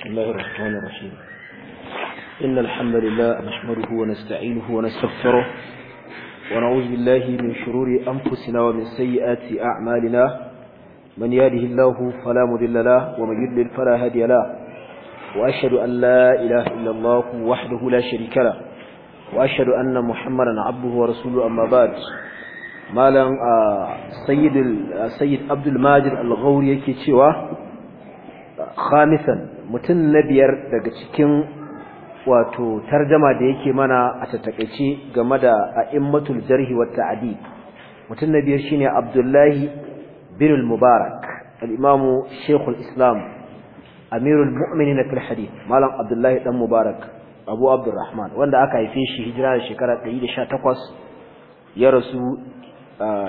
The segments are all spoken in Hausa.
بسم الله الرحمن الرحيم إن الحمد لله نحمده ونستعينه ونستغفره ونعوذ بالله من شرور أنفسنا ومن سيئات أعمالنا من يهده الله فلا مضل له ومن يضلل فلا هادي له وأشهد أن لا إله إلا الله وحده لا شريك له وأشهد أن محمدا عبده ورسوله أما بعد malam sayyid sayyid abdul majid al-ghawri yake cewa khamisan mutum na biyar daga cikin wato tarjama da yake mana a tattakaice game da a'immatul jarhi wa ta'dil mutum na biyar shine Abdullahi bin al-Mubarak al-Imam Sheikh islam Amirul Mu'minin fil Hadith Malam Abdullahi dan Mubarak Abu Abdurrahman wanda aka haife shi hijira da shekara 118 ya rasu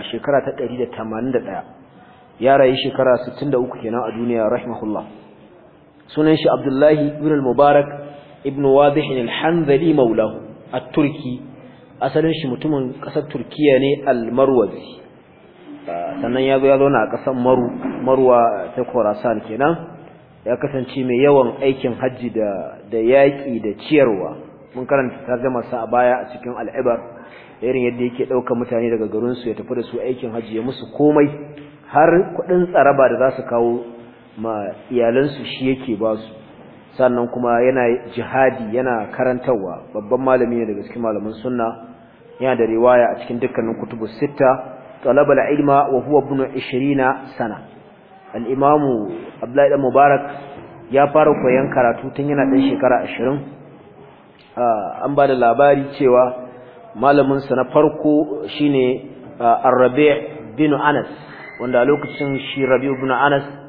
shekara ta 181 ya rayu shekara 63 kenan a duniya rahimahullah sunan shi Abdullahi ibn al-Mubarak ibn Wadih al-Hanzali maulahu a turki asalin shi mutumin kasar Turkiya ne al-Marwazi sannan ya zo ya zauna a kasar Maru Marwa ta Khorasan kenan ya kasance mai yawan aikin hajji da da yaki da ciyarwa mun karanta tarjumar sa a baya a cikin al-Ibar irin yadda yake dauka mutane daga garinsu ya tafi da su aikin hajji ya musu komai har kuɗin tsaraba da za su kawo ma iyalansu shi yake ba su sannan kuma yana jihadi yana karantarwa babban malami ne daga cikin malaman sunna yana da riwaya a cikin dukkanin kutubu sita talabal ilma wa huwa ibn 20 sana al-imamu Abdullahi dan Mubarak ya fara koyon karatu tun yana dan shekara 20 an ba da labari cewa malamin sa na farko shine ar bin Anas wanda lokacin shi Rabi'u bin Anas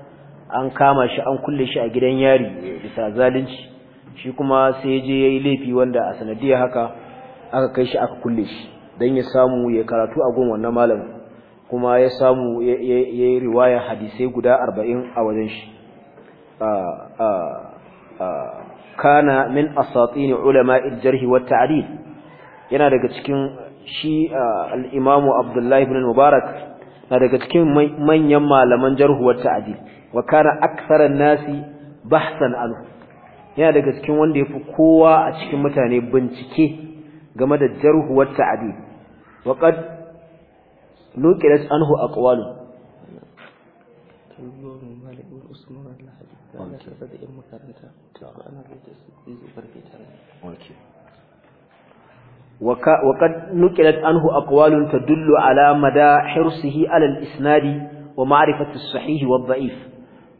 an kama shi an kulle shi a gidan yari bisa zalunci shi kuma sai je yayi laifi wanda a sanadiyar haka aka kai shi aka kulle shi dan ya samu ya karatu a gun wannan malam kuma ya samu ya yi riwaya hadisai guda 40 a wajen shi kana min asatin al jarh wa ta'dil yana daga cikin shi al-imamu abdullahi ibn Mubarak na daga cikin manyan malaman jarh wa ta'dil wa kana aktharan nasi bahsan anhu yana daga cikin wanda yafi kowa a cikin mutane bincike game da jarhu wa ta'dil wa qad nuqilat anhu aqwalu وقد نقلت عنه أقوال تدل على مدى حرصه على الإسناد ومعرفة الصحيح والضعيف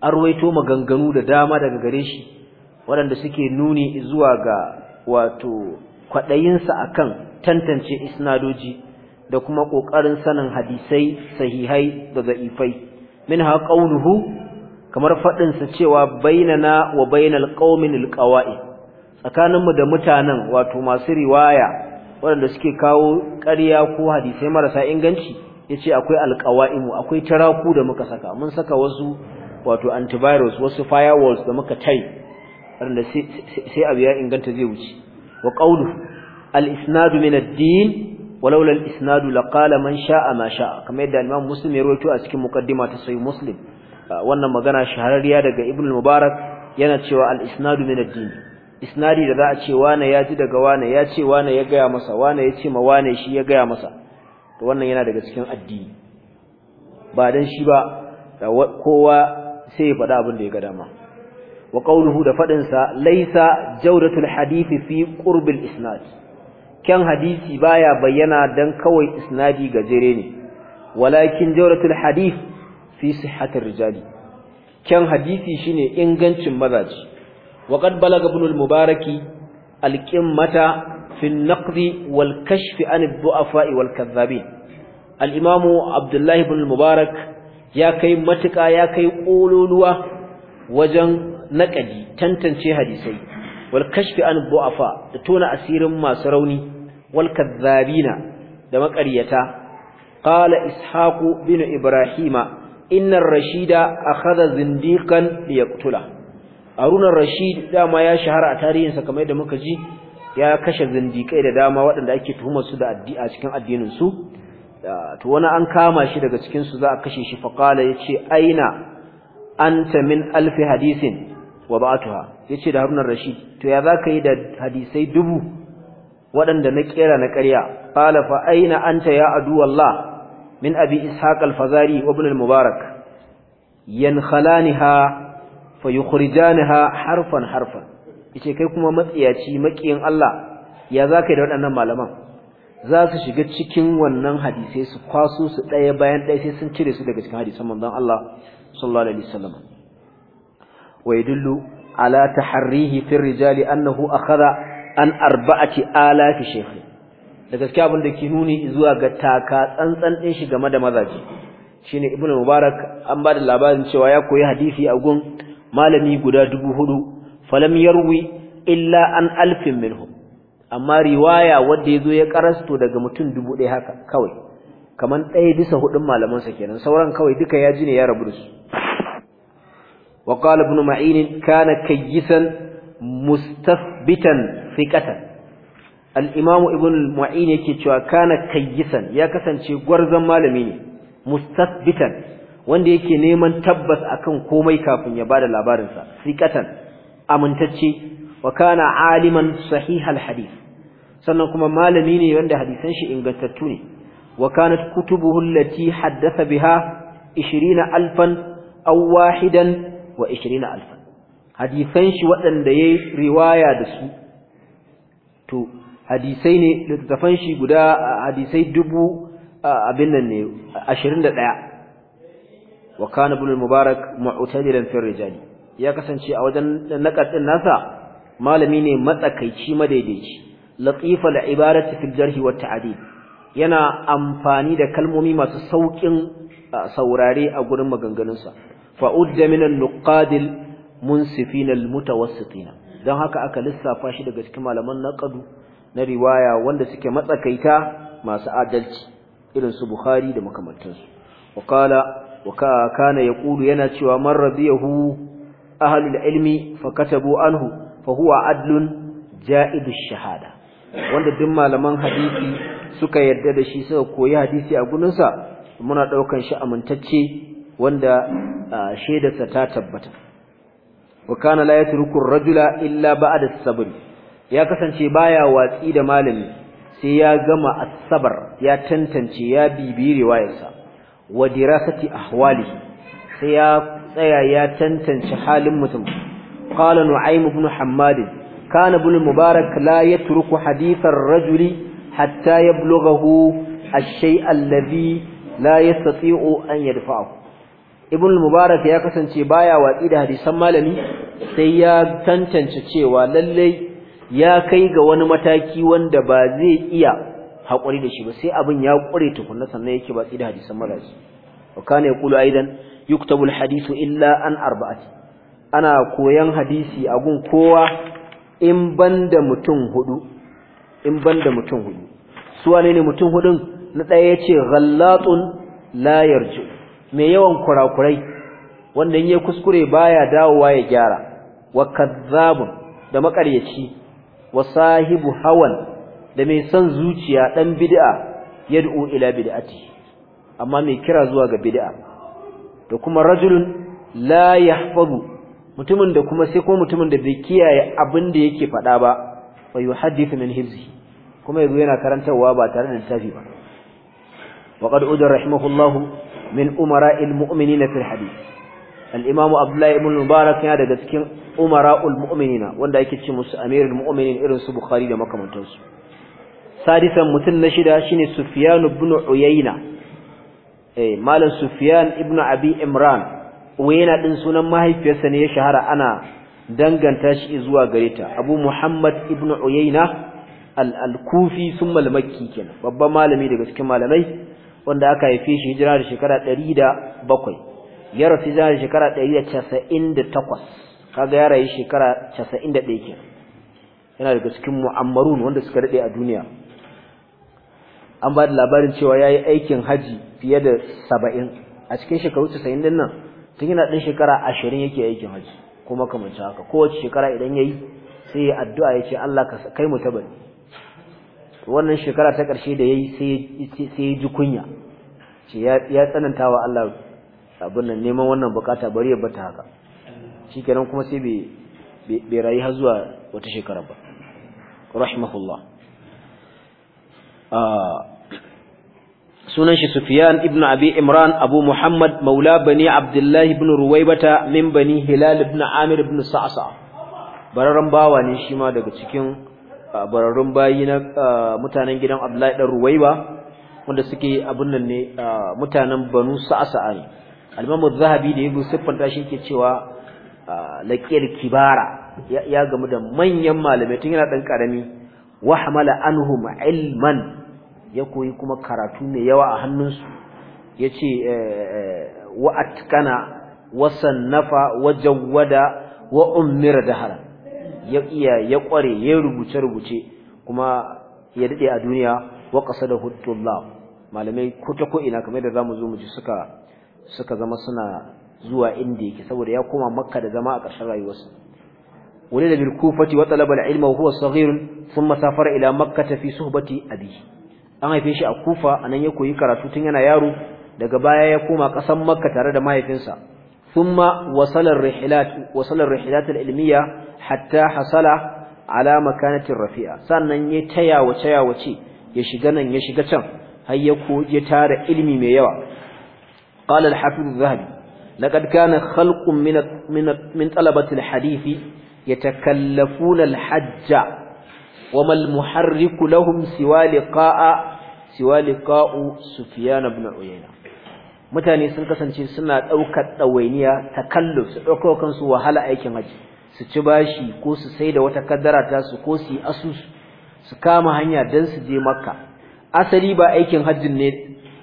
arwaito maganganu da dama daga gare shi waɗanda suke nuni zuwa ga wato kwaɗayinsa akan tantance isnadoji da kuma ƙoƙarin sanin hadisai sahihai da za'ifai min ha ƙaunuhu kamar faɗinsa cewa bainana wa bainal qaumin alqawa'i tsakaninmu da mutanen wato masu riwaya waɗanda suke kawo ƙarya ko hadisai marasa inganci ya ce akwai alƙawa'imu akwai taraku da muka saka mun saka wasu wato antivirus wasu firewalls da muka tai wanda sai abu ya inganta zai wuce wa qawlu al-isnadu min ad-din walau lal isnadu laqala man sha'a ma sha'a kamar yadda Imam Muslim ya rawaito a cikin muqaddima ta Sahih Muslim wannan magana shahararriya daga Ibn Mubarak yana cewa al-isnadu min ad-din isnadi da za a ce wane ya ji daga wane ya ce wane ya gaya masa wane ya ce ma wane shi ya gaya masa to wannan yana daga cikin addini ba dan shi ba kowa sai ya faɗa abin da ya ga dama wa qawluhu da fadin sa laisa jawratul hadisi fi qurbil isnad kyan hadisi baya bayyana dan kawai isnadi gajere ne walakin jawratul hadith fi sihhatir rijali kyan hadisi shine ingancin mazaji wa qad balaga ibn al-mubaraki al-qimmata fi naqd wal kashf an ad-du'afa wal kadhabin al-imamu abdullah ibn al-mubarak ya kai matuƙa ya kai ƙololuwa wajen naƙadi tantance hadisai wal kashfi an bu'afa da tona asirin masu rauni wal kadzabina da maƙaryata qala ishaqu bin ibrahima inna ar-rashida akhadha zindiqan liyaqtula haruna rashid dama ya shahara a tarihinsa kamar yadda muka ji ya kashe zindiqai da dama waɗanda ake tuhumar su da addi'a cikin addinin su Ah, to wani an kama shi daga cikin su za a kashe shi faqala yace aina anta min alf hadisin wa yace da Harun Rashid to ya zaka yi da hadisai dubu waɗanda na kera na ƙarya qala fa aina anta ya adu wallah min abi ishaq al-fazari wa ibn al-mubarak Yankalaniha fayukhrijanaha harfan harfan yace kai kuma matsiyaci makiyin Allah ya zaka yi da waɗannan malaman za su shiga cikin wannan hadisai su kwaso su ɗaya bayan ɗaya sai sun cire su daga cikin hadisan manzon Allah sallallahu alaihi wasallam wa yadullu ala taharrihi fi rijali annahu akhadha an arba'ati alaf shaykh da gaskiya abin da ke nuni zuwa ga taka tsantsan ɗin shi game da mazaji shine ibnu mubarak an ba da labarin cewa ya koyi hadisi a gun malami guda dubu hudu falam yarwi illa an alfin minhum amma riwaya wanda yazo ya karasto daga mutum dubu ɗaya haka kawai kaman ɗaya bisa hudun malaman sa kenan sauran kawai duka ya ji ne ya rabu da su wa qala ibn ma'in kana kayyisan mustathbitan thiqatan al imam ibn ma'in yake cewa kana kayyisan ya kasance gwarzon malami ne mustathbitan wanda yake neman tabbas akan komai kafin ya bada labarinsa sikatan amintacce wa kana aliman sahihal hadith sannan kuma malami ne wanda hadisan shi ingantattu ne wa kanat kutubuhu allati haddatha biha alfan, aw wahidan wa alfan. hadisan shi waɗanda yayi riwaya da su to hadisai ne littafan shi guda hadisai dubu abin nan ne 21 wa kana ibn al-mubarak mu'tadilan fi rijali ya kasance a wajen nakadin nasa malami ne matsakaici madaidaici latifa al'ibarati fil jarhi wat yana amfani da kalmomi masu sauƙin saurare a gurin maganganunsa fa udda min al-nuqadil munsifin al-mutawassitin dan haka aka lissafa shi daga cikin malaman naqadu na riwaya wanda suke matsakaita masu adalci irin su Bukhari da makamantansu waqala wa kana yaqulu yana cewa man rabiyahu ahlul ilmi fakatabu anhu fa huwa adlun ja'idush shahada wanda duk malaman hadisi suka yarda da shi suka koyi hadisi a gurinsa muna ɗaukan shi amintacce wanda shaidarsa ta tabbata wa kana la yatruku ar-rajula illa ba'da as-sabr ya kasance baya watsi da malami sai ya gama as-sabr ya tantance ya bibiyi riwayarsa wa dirasati ahwalihi sai ya tsaya ya tantance halin mutum qala nu'aym ibn hammad kana ibn mubarak la yatruku hadith ar-rajuli hatta ya ash-shay' alladhi la yastati'u an yadfa'ahu ibn mubarak ya kasance baya watsi da hadisan malami sai ya tantance cewa lallai ya kai ga wani mataki wanda ba zai iya haƙuri da shi ba sai abin ya ƙure tukunna sannan yake watsi da hadisan malami wa kana yaqulu aidan yuktabul hadithu illa an arba'ati ana koyan hadisi a gun kowa in ban da mutum hudu in ban da mutum hudu su wane ne mutum hudun na ɗaya ya ce ghallatun la yarju mai yawan kurakurai wanda in ya kuskure baya dawowa ya gyara wa kazzabun da makaryaci wa sahibu hawan da mai son zuciya dan bid'a yad'u ila bid'ati amma mai kira zuwa ga bid'a da kuma rajulun la yahfazu mutumin da kuma sai ko mutumin da bai kiyaye abin da yake faɗa ba fa yuhaddithu min hibzi kuma yazo yana karantawa ba tare da tafi ba wa qad udar rahimahullahu min umara'il mu'minina fil hadith al-imam abdullah ibn mubarak yana daga cikin umara'ul mu'minina wanda yake ce musu amirul mu'minin irin su bukhari da makamantansu sadisan mutum na shida shine sufyan ibn uyayna eh malam sufyan ibn abi imran yana din sunan mahaifiyarsa ne ya shahara ana danganta shi zuwa gare ta Abu Muhammad ibn Uyayna al-Kufi thumma al-Makki kenan babban malami daga cikin malamai wanda aka haife shi hijira da shekara 107 ya rasu da shekara 198 kaga ya rayu shekara 91 kenan yana daga cikin mu'ammarun wanda suka rade a duniya an ba da labarin cewa yayi aikin haji fiye da 70 a cikin shekaru 90 din nan tun yana ɗan shekara ashirin yake aikin hajji kuma makamancin haka kowace shekara idan ya yi sai ya addu'a ya ce Allah ka kai mu tabari wannan shekara ta ƙarshe da ya yi sai ya ji kunya ce ya tsananta wa Allah abin nan neman wannan bukata bari ya bata haka shi kenan kuma sai bai rayu har zuwa wata shekara ba rahimahullah ah, sunan shi Sufyan ibn Abi Imran Abu Muhammad maula bani Abdullah ibn Ruwaybata min bani Hilal ibn Amir ibn Sa'sa bararran bawa ne shi ma daga cikin bararrun bayi na mutanen gidan Abdullah ibn Ruwayba wanda suke abun nan ne mutanen Banu Sa'sa ne al-Imam zahabi da yabo siffanta shi ke cewa laqiyar kibara ya gamu da manyan malamai tun yana dan karami wa hamala anhum ilman ya koyi kuma karatu mai yawa a hannunsu ya ce eh, eh, wa atkana wa sannafa wa jawwada wa ummira dahara ya iya ya kware ya rubuce rubuce kuma ya dade a duniya wa qasada hutullah malamai ko ta ko ina kamar da zamu zo mu ji suka suka zama suna zuwa inda yake saboda ya koma makka da zama a ƙarshen rayuwarsa ولد بالكوفة وطلب العلم وهو صغير ثم سافر إلى مكة في صحبة أبيه an haife shi a Kufa anan ya koyi karatu tun yana yaro daga baya ya koma ƙasar Makka tare da mahaifinsa thumma wasala rihilat wasala rihilat al-ilmiya hatta hasala ala makanatin rafi'a sannan ya taya wace ya wace ya shiga nan ya shiga can har ya ko ya tara ilimi mai yawa qala al-hafiz az-zahabi laqad kana khalqun min min min talabati al-hadisi yatakallafuna al-hajja وما المحرك لهم سوى لقاء سوى لقاء سفيان بن عيينة mutane sun kasance suna daukar dawainiya takalluf su dauko kansu wahala aikin haji su ci bashi ko su sai da wata kaddara ta su ko su asus su kama hanya dan su je makka asali ba aikin hajjin ne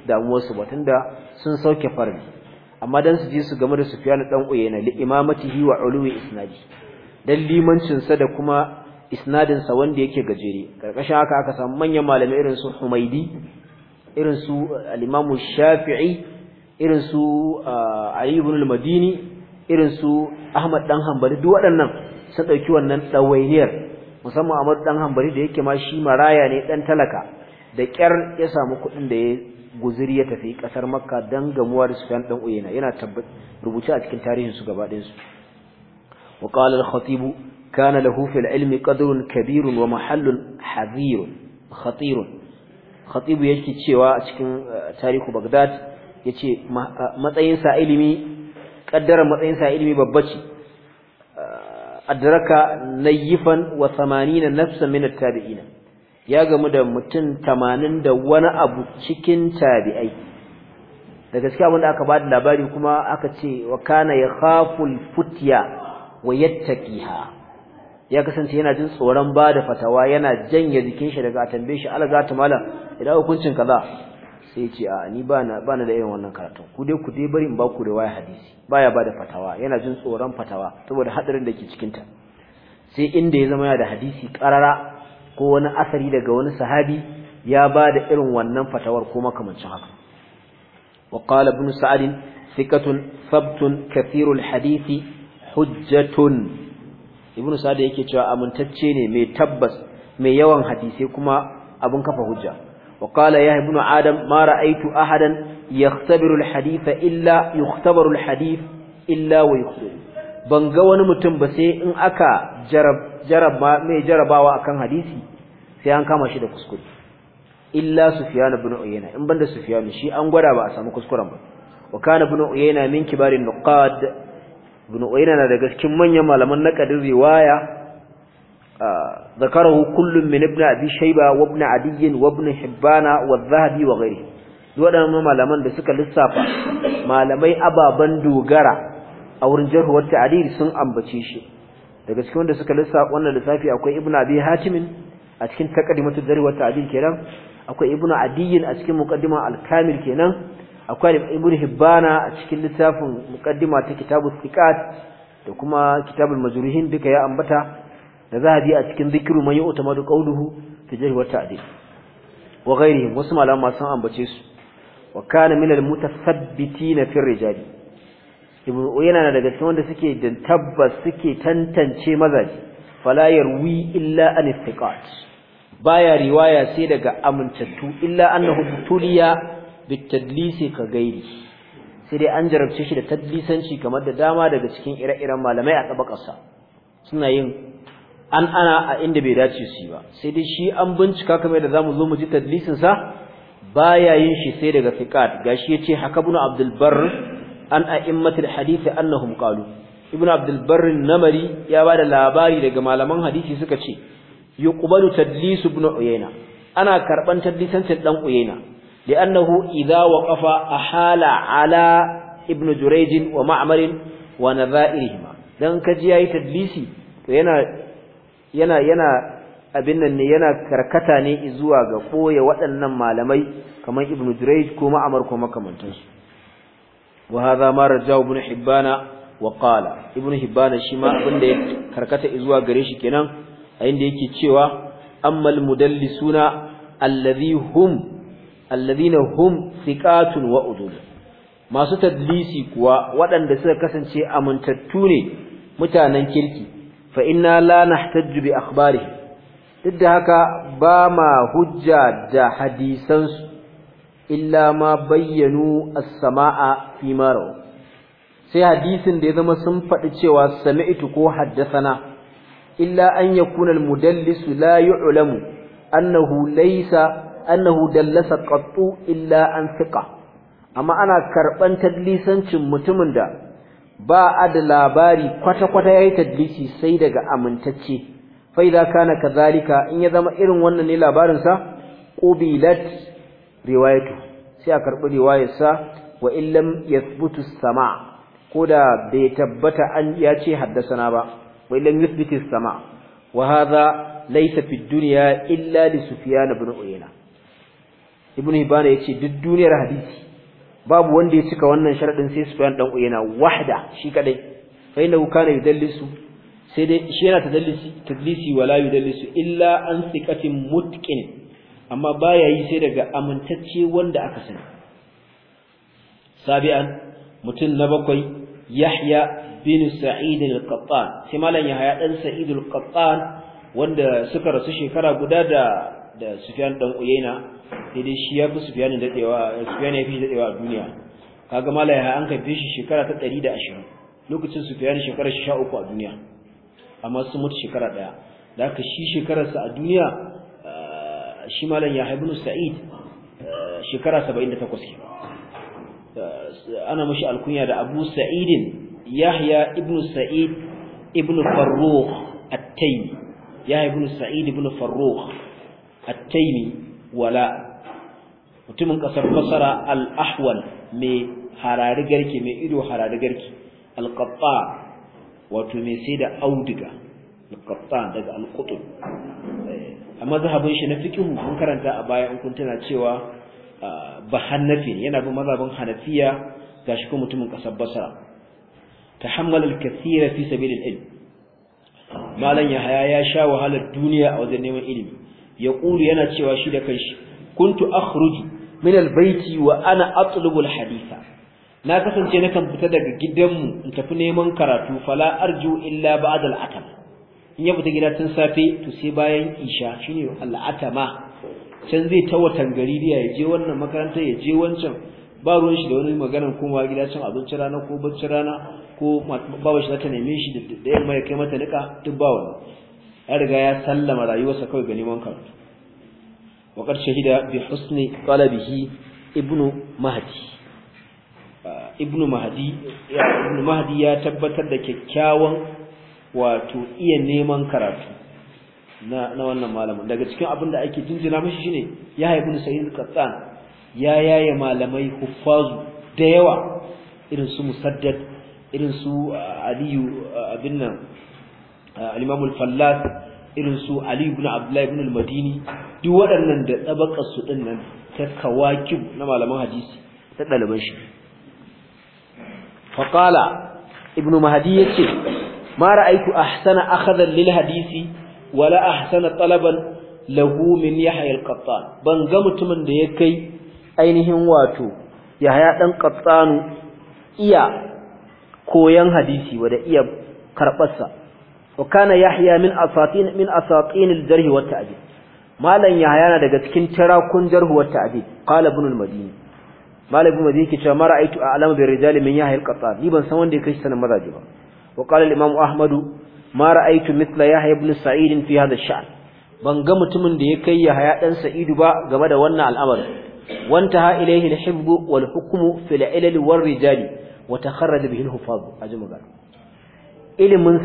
damuwar su ba tunda sun sauke farbi amma dan su je su game da Sufyan dan Uyayna li imamatihi wa ulwi isnadi dan limancin sa da kuma isnadin sa wanda yake gajere karkashin haka aka samu manyan malamai irin su Humaidi irin su uh, al-Imam Shafi'i irin su uh, Ali ibn al-Madini irin su Ahmad dan Hanbali duk waɗannan sun dauki wannan dawainiyar musamman Ahmad dan Hanbali da yake ma shi maraya ne dan talaka da ƙyar ya samu kuɗin da ya guziri ya tafi kasar Makka dan gamuwa da Sufyan dan Uyayna yana rubuce a cikin tarihin su gaba ɗayan su وقال الخطيب كان له في العلم قدر كبير ومحل حذير خطير خطيب yake cewa a cikin tarihu Baghdad yace matsayin sa ilimi kaddara matsayin sa ilimi babba ce adraka nayifan wa 80 nafsan min at-tabi'ina ya gamu da mutum 80 da wani abu cikin tabi'ai da gaskiya abinda aka bada labari kuma aka ce wa kana yakhaful futya wa yattaqiha ya kasance yana jin tsoron ba da fatawa yana janye jikin shi daga tambaye shi Allah zata mala idan hukuncin kaza sai ya ce a ni ba na da irin wannan karatu ku dai ku dai bari in ba ku riwaya hadisi baya ba da fatawa yana jin tsoron fatawa saboda hadarin da ke cikin ta sai inda ya zama yana da hadisi karara ko wani asari daga wani sahabi ya ba da irin wannan fatawar ko makamancin haka wa qala ibn sa'd thiqatun thabtun kathirul hadisi hujjatun ibnu sada yake cewa amintacce ne mai tabbas mai yawan hadisi kuma abun kafa hujja wa qala ya ibnu adam ma ra'aytu ahadan yahtabiru alhadith illa yuhtabaru alhadith illa wa yukhbir ban ga wani mutum ba sai in aka jarab jaraba mai jarabawa akan hadisi sai an kama shi da kuskure illa sufyan ibn uyayna in banda sufyan shi an gwada ba a samu kuskuren ba wa kana ibn uyayna min kibarin nuqad ibn uyna na daga cikin manyan malaman naqadin riwaya ذكره كل من ابن ابي شيبه وابن عدي وابن حبان والذهبي وغيره waɗannan malaman da suka lissafa malamai ababan dogara a wurin jarhu wa ta'dil sun ambace shi daga cikin wanda suka lissafa wannan lissafi akwai Ibn abi hatim a cikin taqdimatu jarhu wa ta'dil kenan akwai Ibn adiy a cikin muqaddima al-kamil kenan akwai ibn hibbana a cikin littafin muqaddima ta kitabu siqat da kuma kitabul majruhin duka ya ambata da zahabi a cikin zikru man yu'tamadu qawluhu fi jahi wa ta'dil wa ghairihim wasu malama sun ambace su wa kana min al mutathabbitina fi rijali ibn uyana daga cikin wanda suke da tabbas suke tantance mazaji fala yarwi illa an thiqat baya riwaya sai daga amintattu illa annahu tuliya bitadlisi ka gairi sai dai an jarabce shi da tadlisanci kamar da dama daga cikin ire-iren malamai a tabakarsa suna yin an ana a inda bai dace su ba sai dai shi an bincika kamar da zamu zo mu ji tadlisin sa baya yin shi sai daga fiqat gashi yace haka ibn abdul barr an a'immatul hadith annahum qalu ibn abdul barr namari ya bada labari daga malaman hadisi suka ce yuqbalu tadlis ibn uyayna ana karban tadlisancin dan uyayna لأنه إذا وقف أحال على ابن جريج ومعمر ونذائرهما dan kaji yayi tadlisi to yana yana yana abin nan ne yana karkata ne zuwa ga koye waɗannan malamai kamar ibnu jurayj ko ma'amar ko makamantansu wa hadha ma rajau ibn hibbana وقال ابن حبان شيما abinda ya karkata zuwa gare shi kenan a inda yake cewa ammal mudallisuna allazi hum alladhina hum thiqatun wa udul masu tadlisi kuwa waɗanda suka kasance amintattu ne mutanen kirki fa inna la nahtaju bi akhbarihi duk da haka ba ma hujja da hadisansu illa ma bayyanu as-sama'a fi maro sai hadisin da ya zama sun faɗi cewa sami'tu ko haddathana illa an yakuna al-mudallis la yu'lamu annahu laysa annahu dallasa qattu illa an thiqa amma ana karban tadlisancin mutumin da ba a da labari kwata kwata yi tadlisi sai daga amintacce fa idza kana kadhalika in ya zama irin wannan ne labarin sa qubilat riwayatu sai a karbi riwayar sa wa illam yathbutu da koda bai tabbata an ya ce haddasana ba wa illam yathbutu sama wa hadha laysa fi dunya illa li sufyan ibn uyayna ibn hibban ce duk duniyar hadisi babu wanda ya cika wannan sharadin sai sufyan dan uyena wahda shi kadai fa innahu kana yudallisu sai dai shi yana tadallisi tadlisi wala yudallisu illa an thiqatin mutqin amma baya yi sai daga amintacce wanda aka sani sabi'an mutum na bakwai yahya bin sa'id al-qattan sai malam yahya dan sa'id al-qattan wanda suka rasu shekara guda da da Sufyan dan Uyaina sai dai shi ya fi Sufyan dadewa Sufyan ya fi dadewa a duniya kaga malaya an kai shi shekara ta 120 lokacin Sufyan shekara 13 a duniya amma sun mutu shekara daya da haka shi shekararsa a duniya eh, shi malam ya haibunu Sa'id eh, shekara 78 eh, ana mashi alkunya da Abu Sa'idin Yahya ibn Sa'id ibn Farrukh at-Taymi Yahya ibn Sa'id ibn Farrukh at-taimi wala mutumin kasar fasara al-ahwal mai harari garki mai ido harari garki al-qatta wato mai sai da auduga al-qatta daga al-qutb a mazhabin shi na fiqh mun karanta a baya in kun tana cewa bahannafi yana bin mazhabin hanafiya gashi kuma mutumin kasar basara. tahammal al-kathira fi sabil al-ilm malan yahaya ya sha wahalar duniya a wajen neman ilimi yaqulu yana cewa shi da kanshi kuntu akhruju min albayti wa ana atlubu alhaditha na kasance nakan fita daga gidanmu in tafi neman karatu fala arju illa ba'da al'atam in ya fita gida tun safe to sai bayan isha shine al'atama can zai ta watan gari ya je wannan makarantar ya je wancan ba ruwan shi da wani maganar komawa gida cin abinci rana ko bacci rana ko babu shi ta neme shi da yamma ya kai mata nika duk ba wannan ya riga ya sallama rayuwarsa kawai ga neman karatu shahida bi husni talabihi ibnu mahdi ah, ibnu mahdi ya ibnu mahdi ya tabbatar da kyakkyawan wato iya neman karatu na na wannan malamin daga cikin abin da ake jinjina mishi shine ya haifi sayyid qattan ya yaye malamai huffazu da yawa irin su musaddad irin su ah, aliyu ah, abin nan al-Imam al-Fallas irin su Ali ibn Abdullah ibn al-Madini duk waɗannan da tabakar su din nan ta kawakin na malaman hadisi ta daliban shi fa qala ibn Mahdi yace ma ra'aytu ahsana akhadan lil hadisi wala ahsana talaban lahu min Yahya al-Qattan ban ga mutumin da ya kai ainihin wato Yahya dan Qattanu iya koyan hadisi wa da iya karɓarsa wa kana yahya min asatin min asatin al-jarh wa ta'dil malan yahya na daga cikin tirakun jarh wa ta'dil qala ibn al-madini malan ibn madini kace ma ra'aytu a'lamu bi rijal min yahya al-qattan ni ban san wanda yake sanin mazaji ba wa al-imam Ahmadu, mara ra'aytu mithla yahya ibn sa'id fi hadha ban ga mutumin da ya kai Yahaya dan sa'idu ba game da wannan al'amarin وانتهى إليه الحفظ والحكم في العلل والرجال وتخرج به الحفاظ أجمع قال إلي من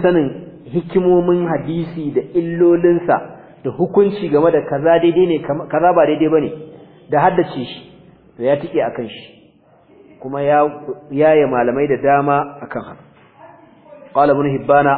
hikimomin hadisi da illolinsa da hukunci game da kaza daidai ne kaza ba daidai bane da haddace shi to ya tike akan shi kuma ya yaye malamai da dama akan haka qala ibn hibbana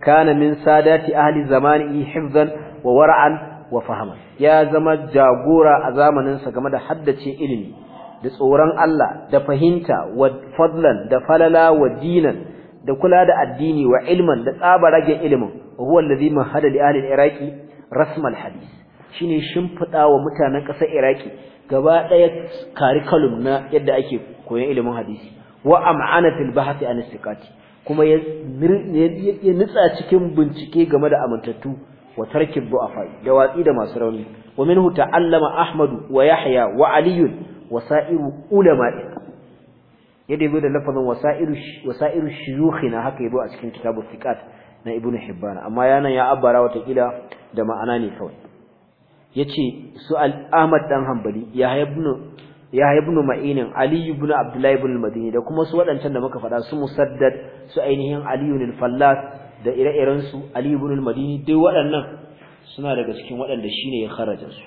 kana min sadati ahli zamani hifzan wa wara'an wa fahama ya zama jagora a zamanin sa game da haddace ilimi da tsoron Allah da fahimta wa fadlan da falala wa dinan da kula da addini wa ilman da tsaba rage ilmin huwa allazi hada li ahli iraqi rasm al-hadith shine shimfida wa mutanen ƙasar iraqi gaba daya curriculum na yadda ake koyon ilimin hadisi wa am'ana fil bahth an istiqati kuma ya nitsa cikin bincike game da amintattu wa tarkib du'afa da watsi da masu rauni wa minhu ta'allama ahmadu wa yahya wa Aliyun wa sa'iru ulama'i yadda yazo da lafazin wasairu wasairu shuyukhina haka yazo a cikin kitabu thiqat na ibnu hibban amma yana ya abara wata kila da ma'ana ne kawai yace su al-ahmad dan hanbali ya ibnu ya ibnu ma'inin ali ibn abdullahi ibn al-madini da kuma su wadancan da muka faɗa su musaddad su ainihin aliyu ibn al-fallas da ire-iren su ali ibn al-madini dai waɗannan suna daga cikin waɗanda shine ya kharaja su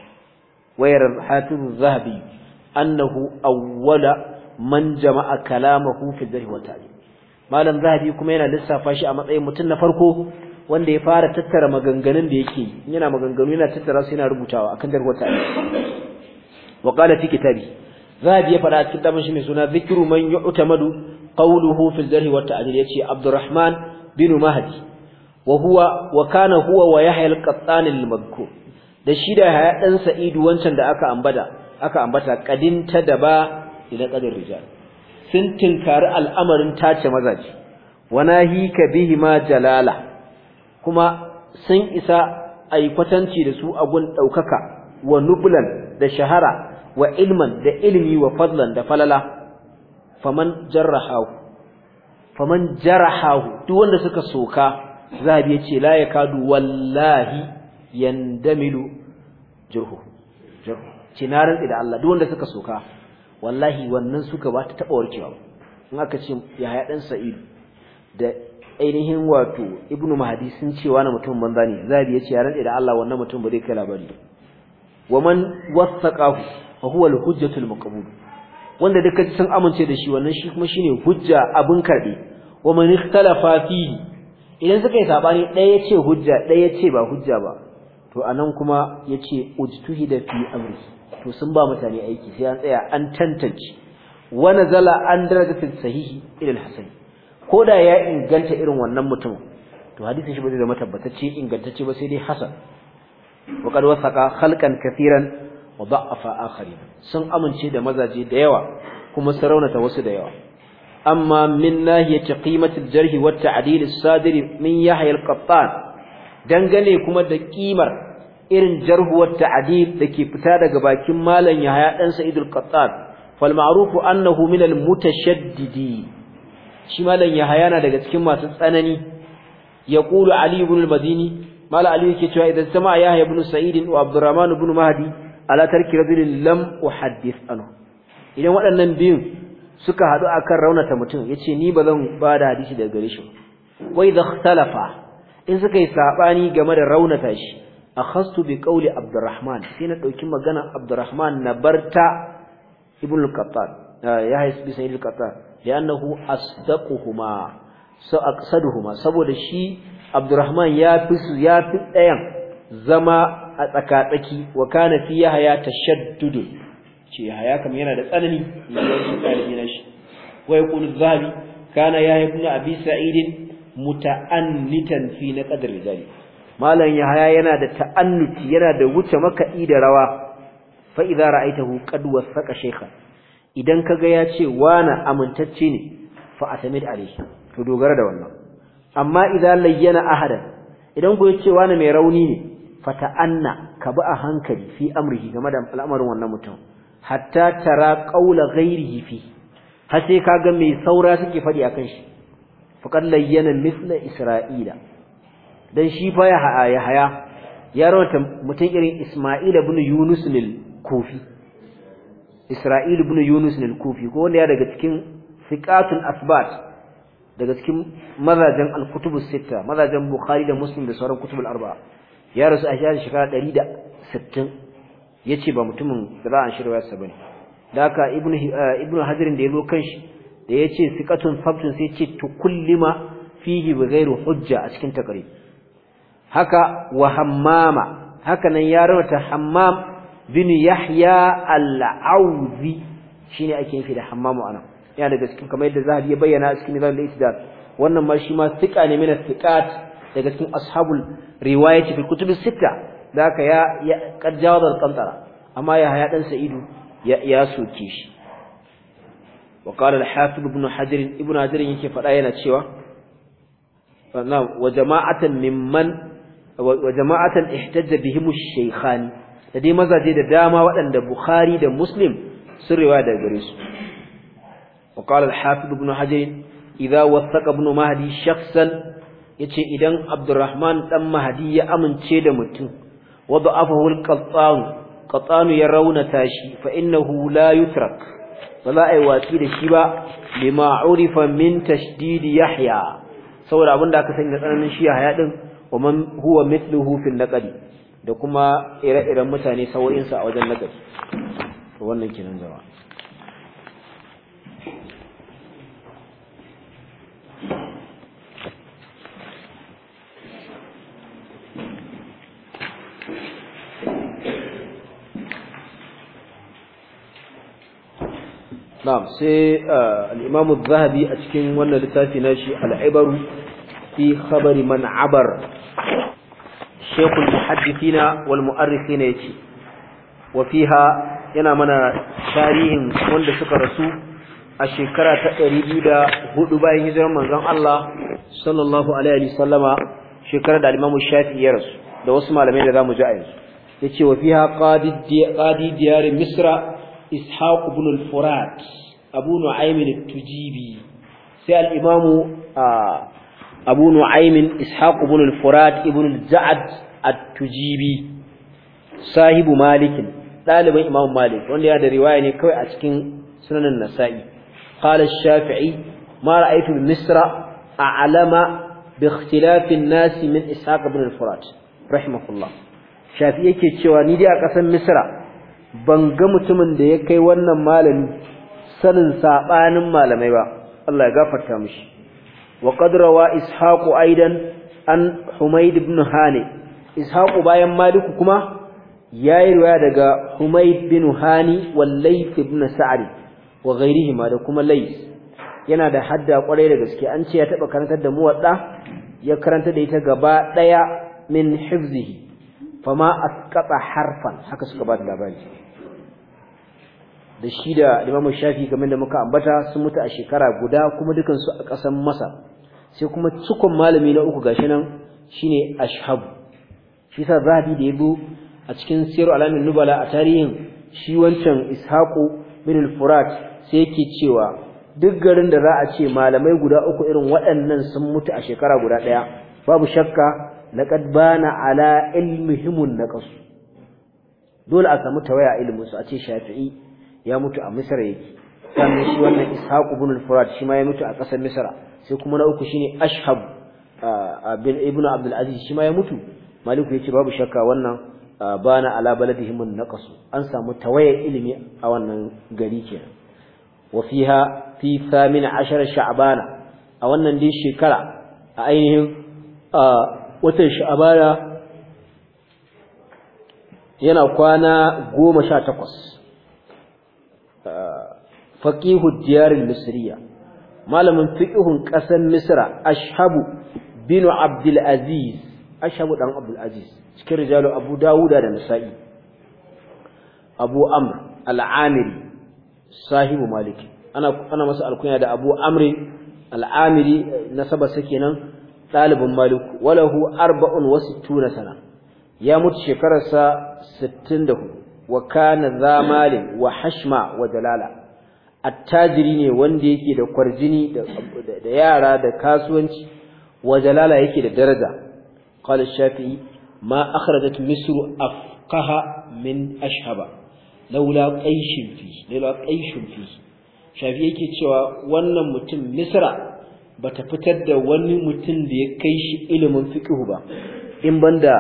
wayar hatibu zahabi annahu awwala man jama'a kalamahu fi jarh wa malam zahabi kuma yana lissafa shi a matsayin mutum na farko wanda ya fara tattara maganganun da yake yana maganganu yana tattara su yana rubutawa akan jarh wa ta'dil wa qala fi kitabi zahabi ya fara cikin shi mai suna zikru man yu'tamadu qawluhu fi jarh wa ta'dil yace abdurrahman bin mahdi wa huwa wa kana huwa wa yahya al-qattan al-madhkur da shi da ya dan sa'idu wancan da aka ambata aka ambata kadinta da ba ila qadar rijal sun tinkari al'amarin tace mazaji wanahi ka bihi ma jalala kuma sun isa ai kwatanci da su agun daukaka wa nublan da shahara wa ilman da ilmi wa fadlan da falala faman jarrahahu faman jarahahu duk wanda suka soka zabi yace la yakadu wallahi yandamilu jurhu jurhu cinarin da Allah duk wanda suka soka wallahi wannan suka ba ta taba warkewa in aka ce Yahaya dan Sa'idu da ainihin wato Ibn Mahdi sun cewa wani mutum banza ne zabi yace ya rande da Allah wannan mutum ba zai kai labari waman wasaqahu fa huwa al-hujjatu al-maqbul wanda duka sun amince da shi wannan shi kuma shine hujja abin karbe waman ikhtalafa fihi idan suka yi sabani ɗaya yace hujja ɗaya yace ba hujja ba to anan kuma yace ujtuhida fi amri to sun ba mutane aiki sai an tsaya an tantance wa nazala an darajatin sahihi ilal hasan ko da ya inganta irin wannan mutum to hadisin shi ba zai zama tabbatacce ingantacce ba sai dai hasan wa qad wasaqa khalqan kathiran wa da'afa akharin sun amince da mazaje da yawa kuma saraunata wasu da yawa amma min nahiyati qimati al-jarh wa at-ta'dil as-sadir min yahya al-qattan dangane kuma da kimar irin jarhuwar ta'adib da ke fita daga bakin malam Yahaya dan Sa'id al fal ma'ruf annahu min al-mutashaddidi shi malam Yahaya na daga cikin masu tsanani yaqulu Ali ibn al-Madini mala Ali yake cewa idan sama Yahya ibn Sa'id wa Abdurrahman ibn Mahdi ala tarki rajulin lam uhaddith anhu idan waɗannan biyun suka haɗu akan raunata mutum yace ni ba ba da hadisi daga gare shi wa idha ikhtalafa in suka yi sabani game da raunata shi akhastu bi qawli abdurrahman sai na dauki magana abdurrahman na barta ibn al-qattan eh, ya hais bi sayyid al-qattan li'annahu asdaquhuma sa aqsaduhuma saboda shi abdurrahman ya fi ya fi dayan zama a tsakatsaki wa kana fi yahya tashaddud ce yahya kam yana da tsanani yayin dalibi na shi wa yaqulu dhahabi kana yahya ibn abi sa'id muta'annitan fi naqd rijali malam yahaya yana da ta'annuti yana da wuce makaɗi da rawa fa idza ra'aitahu qad wasaqa shaykha idan kaga ya ce wana amintacce ne fa atamid alayhi to dogara da wannan amma idza layyana ahada idan ko yace wani mai rauni ne fa ta'anna ka bi a hankali fi amrihi game da al'amarin wannan mutum hatta tara qaula ghairihi fi har sai kaga mai saura suke fadi akan shi fa layyana misla isra'ila dan shi fa ya haya ya rawata mutum irin Isma'il ibn Yunus al-Kufi Isra'il ibn Yunus al-Kufi ko wanda ya daga cikin siqatul asbat daga cikin mazajen al-kutub as-sitta mazajen Bukhari da Muslim da sauran kutubul arba'a ya rasu a shekara 160 yace ba mutumin da za a shirwa sa bane daka ibn eh, ibn Hajar da yazo kanshi da yace siqatun sabtun sai yace tukullima fihi bighairu hujja a cikin takrib haka wa hammama haka nan ya rubuta hammam bin yahya al-auzi shine ake nufi da hammamu anan yana daga cikin kamar yadda zahabi ya bayyana a cikin nizam da istidad wannan ma shi ma thiqa ne mina tikat daga cikin ashabul riwayati fil kutub as-sitta da haka ya qad da al amma ya haya dan sa'idu ya soke shi wa qala al-hafiz ibn hajar ibn hajar yake fada yana cewa wa jama'atan mimman wa jama'atan ihtajja bihim ash-shaykhani da dai mazaje da dama waɗanda Bukhari da Muslim sun riwaya daga gare su wa qala al-hafiz ibn hajar idza wathaqa ibn mahdi shakhsan yace idan Abdurrahman dan Mahdi ya amince da mutum wada'afahu al-qattan qattan ya raunata shi fa innahu la yutrak wala yi wasi da shi ba lima urifa min tashdid yahya saboda abinda aka sani da tsananin shi yahya din wa man huwa mithluhu fil laqabi da kuma ire-iren mutane sawoyin sa a wajen laqabi to wannan kenan jama'a نعم سي الإمام الذهبي أتكين وانا لتاتي ناشي العبر في خبر من عبر shekul muhaddithina wal mu'arrikhina yace wa yana mana tarihin wanda suka rasu a shekara ta da 204 bayan hijirar manzon Allah sallallahu alaihi wasallama shekarar da Imam Shafi'i ya rasu da wasu malamai da zamu ji a yanzu Ya ce Wafiha qadi qadi diyar misra ishaq ibn abu nu'aym al-tujibi sai al-imamu ah, abu nu'aymin ishaq ibn al-furat al-za'd at-tujibi sahibu malikin ɗaliban imam malik wanda ya da riwaya ne kawai a cikin sunanan nasa'i qala shafii ma ra'aytu bi misra a'lama bi ikhtilaf an-nas min ishaq ibn al-furat rahimahullah shafi'i yake cewa ni dai a ƙasar misra ban ga mutumin da ya kai wannan malamin sanin saɓanin malamai ba Allah ya gafarta mishi وقد روى إسحاق أيضا عن حميد بن هاني إسحاق بايا مالك كما يا رواية حميد بن هاني والليث بن سعد وغيرهما ده كما yana da hadda kwarai da gaske an ce ya taba karantar da muwadda ya karanta da ita gaba daya min hifzihi fama asqata harfan haka suka ba da labari da shi da Imam Shafi game da muka ambata sun mutu a shekara guda kuma dukansu a ƙasar Masar sai kuma cikon malami na uku gashi nan shine ashhabu shi sa zahabi da yabo a cikin siyar alamin nubala a tarihin shi wancan ishaqu bin al-furat sai yake cewa duk garin da za a ce malamai guda uku irin waɗannan sun mutu a shekara guda ɗaya babu shakka laqad bana ala ilmihimun naqas dole a samu tawaya ilmin su a ce shafi'i ya mutu a misra yake sannan shi wannan ishaqu bin al-furat shi ma ya mutu a ƙasar misra sai kuma na uku shine ashhab bin ibnu abdul aziz shi ma ya mutu maliku yace babu shakka wannan bana ala baladihim an naqas an samu tawaye ilimi a wannan gari kenan wa fiha fi 18 sha'bana a wannan dai shekara a ainihin watan sha'bana yana kwana goma takwas. faqihu diyar al-misriya malamin fiqhun ƙasar misra ashabu bin abdul aziz ashabu dan abdul aziz cikin rijalu abu dawuda da nasa'i abu amr al-amiri sahibu maliki ana ana masa alkunya da abu amri al-amiri nasaba sa kenan dalibin maliku walahu 64 sana ya mutu shekararsa 64 wa kana zamalin wa hashma wa dalala attajiri ne wanda yake da kwarjini da yara da kasuwanci wa jalala yake da daraja qala shafi'i ma akhrajat misr afqaha min ashhaba laula fi laula qaishin fi Shafi yake cewa wannan mutum misra bata fitar da wani mutum da ya kai shi ilimin fiqh ba in banda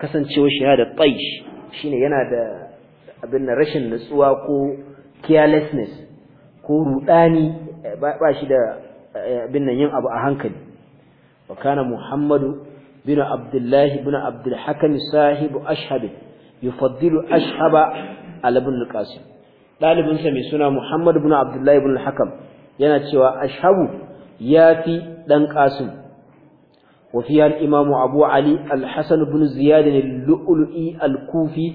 kasancewar shi da qaish shine yana da abin rashin nutsuwa ko carelessness ko rudani eh, ba shi da eh, bin nan yin abu a hankali wa kana muhammadu bin abdullah bin abdul hakim sahibu ashhab yufaddilu ashhaba ala ibn qasim dalibin sa mai suna Muhammadu bin abdullah bin al-hakam yana cewa ashhabu yafi dan qasim وفيها الإمام Ziyad علي الحسن بن زياد اللؤلؤي الكوفي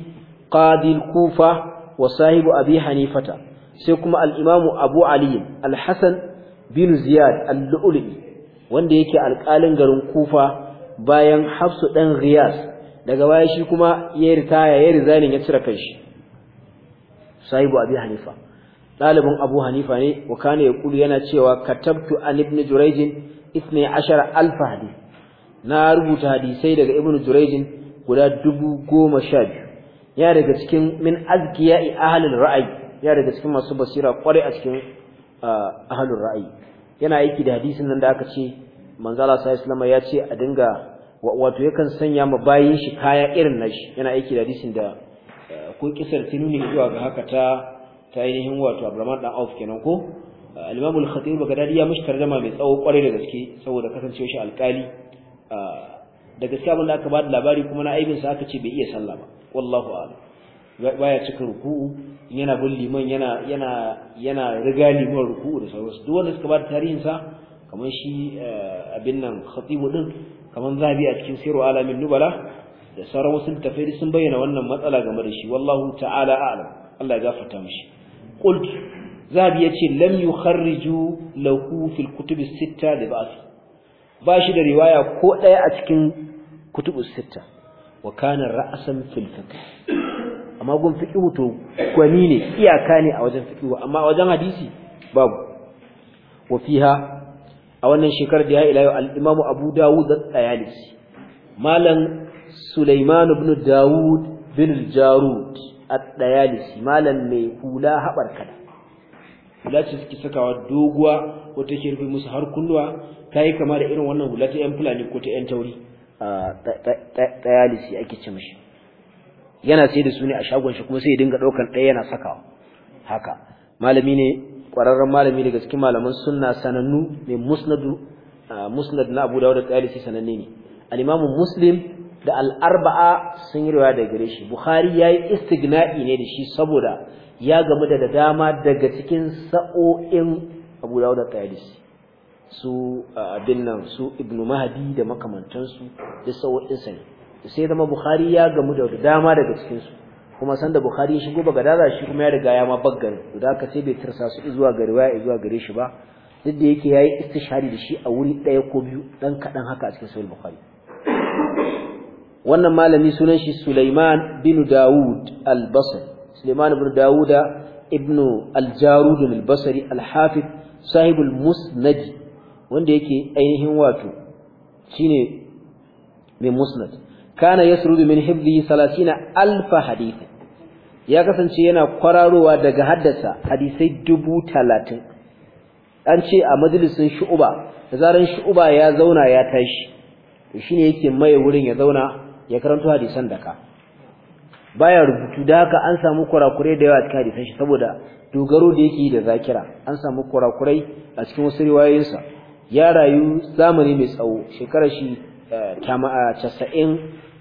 Kufa wa sahibu أبي حنيفة sai kuma al-imamu abu ali al-hasan bin ziyad al-lu'li wanda yake alƙalin garin kufa bayan hafsu dan riyas daga baya shi kuma ya ritaya ya rizanin ya cire kanshi sahibu abi hanifa dalibin abu hanifa ne wa kana yaqulu yana cewa katabtu an ibn jurayj 12000 hadith na rubuta hadisai daga ibn jurayj guda 10000 ya daga cikin min azkiya ahlul ra'ayi ya daga cikin masu basira kwarai a cikin ahlur ra'ayi yana aiki da hadisin nan da aka ce manzo Allah sallallahu ya ce a dinga wato yakan sanya ma bayin shi kaya irin nashi yana aiki da hadisin da ko kisar tinuni zuwa ga haka ta ta ainihin wato Abdurrahman dan Auf kenan ko al-Imam al-Khatib ya mishi tarjuma mai tsawo kwarai da gaske saboda kasancewa shi alkali da gaske abin da aka ba da labari kuma na aibin sa aka ce bai iya sallah ba wallahu a'lam baya cikin ruku'u yana bin liman yana yana yana riga liman ruku'u da sauransu duk wanda suka ba tarihin sa kamar shi eh, abin nan khatibu din kamar zabi a cikin siru alamin nubala da sauran wasu tafsiri sun bayyana wannan matsala game da shi wallahu ta'ala a'lam Allah ya gafarta mishi qult zabi yace lam yukharriju lahu fil kutub sitta da ba'si ba shi da riwaya ko daya a cikin kutubus sitta wa kana ra'san fil fiqh amma gun fiki to kwani ne iyaka ne a wajen fiki amma a wajen hadisi babu wa fiha a wannan shekarar da ya ila yau al-Imam Abu Dawud da tayalisi malam Sulaiman ibn Dawud bin Jarud at-Tayalisi malam mai hula habar kada hula ce suke sakawa doguwa ko take rufe musu har kunnuwa tayi kama da irin wannan hula ta yan fulani ko ta yan tauri a tayalisi ake ce mishi yana sai da su ne a shagon shi kuma sai ya dinga ɗaukar ɗaya yana sakawa haka malami ne ƙwararren malami daga cikin malaman sunna sanannu mai musnadu musnad na Abu Dawud da sananne ne al-Imam Muslim da al-Arba'a sun yi riwaya da gare shi Bukhari yayi istigna'i ne da shi saboda ya gamu da dama daga cikin sa'o'in Abu Dawud da su abin nan su Ibn Mahdi da makamantansu da sa'o'in sa ne sai zama bukhari ya gamu da dama daga cikin su kuma sanda bukhari ya shigo gadaza shi kuma ya riga ya ma baggar da aka sai bai tirsa su zuwa ga riwaya zuwa gare shi ba duk da yake yayi istishari da shi a wuri ɗaya ko biyu dan kadan haka a cikin sahih bukhari wannan malami sunan shi Sulaiman bin Dawud al-Basri Sulaiman bin Dawud ibn al-Jarud al-Basri al-Hafiz sahib al-Musnad wanda yake ainihin wato shine mai Musnad kana yasrudu min hibdihi 30000 hadith ya kasance yana kwararowa daga haddasa hadisai dubu talatin, an ce a majalisin shu'uba da zaran shu'uba ya zauna ya tashi to ne yake mai wurin ya zauna ya karanto hadisan da ka baya rubutu da haka an samu kurakurai da yawa cikin hadisan shi saboda dogaro da yake da zakira an samu kurakurai a cikin wasu riwayoyinsa ya rayu zamani mai tsawo shekarar shi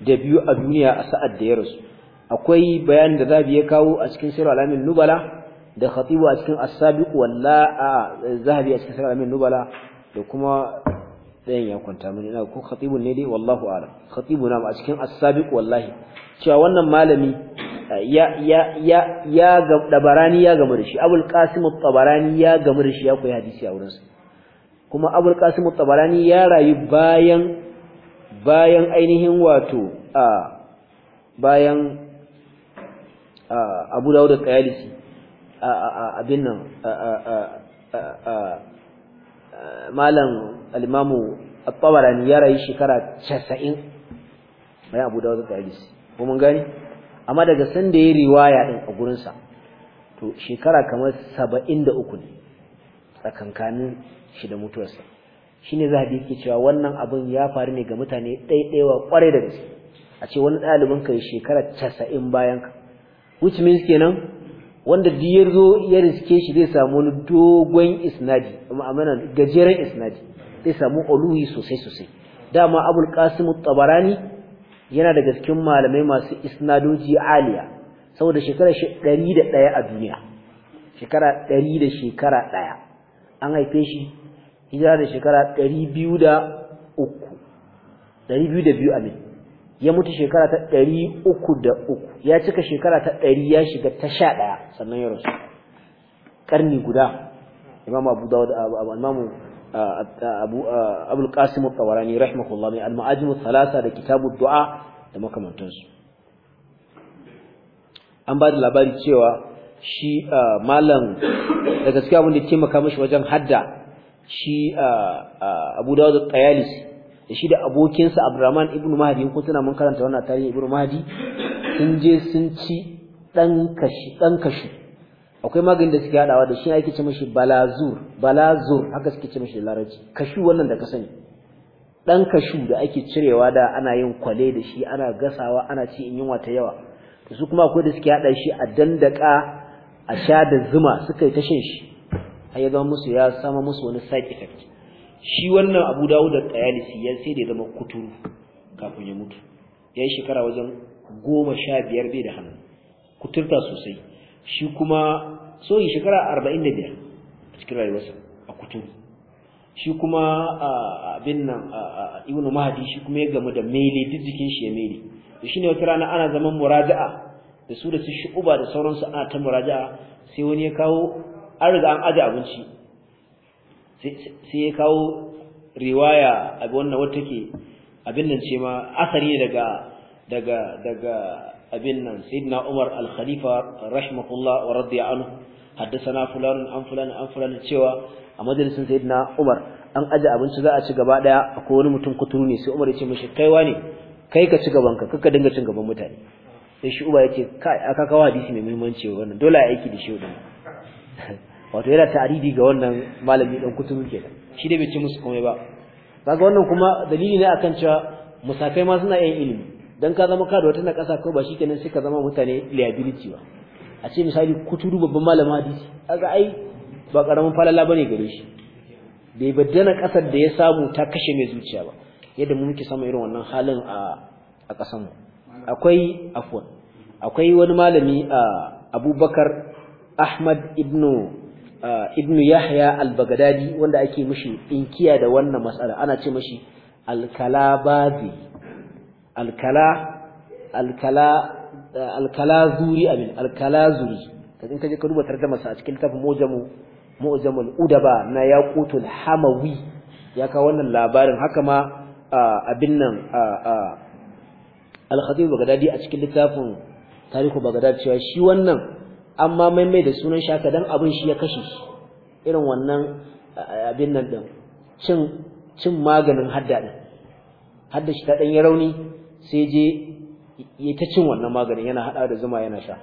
biyu a duniya a sa'ad da ya rasu akwai bayanin da zabi ya kawo a cikin sirar alamin nubala da khatibu a cikin as-sabiq a zahabi a cikin sirar alamin nubala da kuma ɗayan ya kwanta mini ina ko khatibun ne dai wallahu a'lam khatibu na a cikin as-sabiq wallahi cewa wannan malami ya ya ya ya ga dabarani ya gamu da shi abul qasim at-tabarani ya gamu da shi ya koyi hadisi a wurinsa kuma abul qasim at-tabarani ya rayu bayan bayan ainihin wato a bayan abu dawo da kayalisi abin nan malam alimamu tsawara tabarani ya rayu shekara casa'in, bayan abu dawo da kayalisi ko mun gani amma daga san da ya riwaya ɗin a gurinsa to shekara kamar saba'in da uku ne tsakankanin shi da mutuwarsa shine a yake cewa wannan abin ya faru ne ga mutane ɗaiɗaiwa kwarai da gaske a ce wani ɗalibin ka shekara casa'in bayan ka which means kenan wanda duk ya zo ya riske shi zai samu wani dogon isnadi ma'amana gajeren isnadi zai samu oluwi sosai sosai dama abul qasim tabarani yana daga cikin malamai masu isnadoji aliya saboda shekara ɗari da ɗaya a duniya shekara ɗari da shekara ɗaya an haife shi hijira da shekara 203 a amin ya mutu shekara ta 303 ya cika shekara ta 100 ya shiga ta 11 sannan ya rasu karni guda imam abu dawud imam uh, abu uh, abul qasim at-tawarani rahimahullah mai al-ma'ajim thalatha da kitabu du'a da makamantansu an ba da labari cewa shi uh, malam daga gaskiya abin ya ke makamashi wajen hadda shi Abu Dawud al da shi da abokinsa Abdurrahman ibn Mahdi kun tana mun karanta wannan tarihi ibn Mahdi sun je sun ci dan kashi dan kashi akwai maganin da suke hadawa da shi ake ce mishi balazur balazur haka suke ce da larabci kashu wannan da ka sani dan kashu da ake cirewa da ana yin kwale da shi ana gasawa ana ci in yunwa ta yawa to su kuma akwai da suke hada shi a dandaka a sha da zuma suka yi tashin shi har ya zama musu ya sama musu wani side effect shi wannan Abu Dawud da Tayalisi ya sai da zama kuturu kafin ya mutu ya yi shekara wajen goma sha biyar bai da hannu kuturta sosai shi kuma so yi shekara arba'in da biyar a cikin rayuwarsa a kuturu shi kuma abin nan ibn mahdi shi kuma ya gamu da maili duk jikin shi ya mele to shine wata rana ana zaman muraja'a da su da su shu'uba da sauransu ana ta muraja'a sai wani ya kawo an riga an aje abinci sai ya kawo riwaya a wannan wata ke abin nan ce ma asari daga daga daga abin nan sayyidina Umar al-Khalifa rahimahullah wa radiya anhu haddathana fulan an fulan an fulan cewa a majalisin sayyidina Umar an aje abinci za a ci gaba daya akwai wani mutum kuturu ne sai Umar ya ce mishi kai wane? kai ka ci gaban ka kaka dinga cin gaban mutane sai shi uba yake kai aka kawo hadisi mai muhimmanci wannan dole a aiki da shi wannan wato yana ta'aridi ga wannan malami dan kuturu kenan shi dai bai ci musu komai ba kaga wannan kuma dalili ne akan cewa musafai ma suna yin ilimi dan ka zama kado wata na ƙasa ko ba kenan sai ka zama mutane liability ba a ce misali kuturu babban malama hadisi kaga ai ba karamin falala bane gare shi bai baddana kasar da ya samu ta kashe mai zuciya ba yadda mu muke samu irin wannan halin a a kasan mu akwai afwan akwai wani malami a ah, Abubakar Ahmad ibn uh, ibn Yahya al-Baghdadi wanda ake mishi inkiya da wannan mas'ala ana ce mishi al-Kalabazi al-Kala al-Kala uh, al-Kalazuri amin al-Kalazuri kaje kaje ka duba tarjuma sa a cikin tafin mujamu mu'jamul udaba na yaqutul hamawi ya kawo wannan labarin haka ma uh, abin nan al-Khatib Baghdadi a cikin littafin tarihu Baghdad cewa shi wannan amma maimai da sunan shaka haka dan abin shi ya kashe shi irin wannan eh, abin nan din cin cin maganin hadda din hadda shi ta dan ya rauni sai je ya ta cin wannan maganin yana hada da zuma yana sha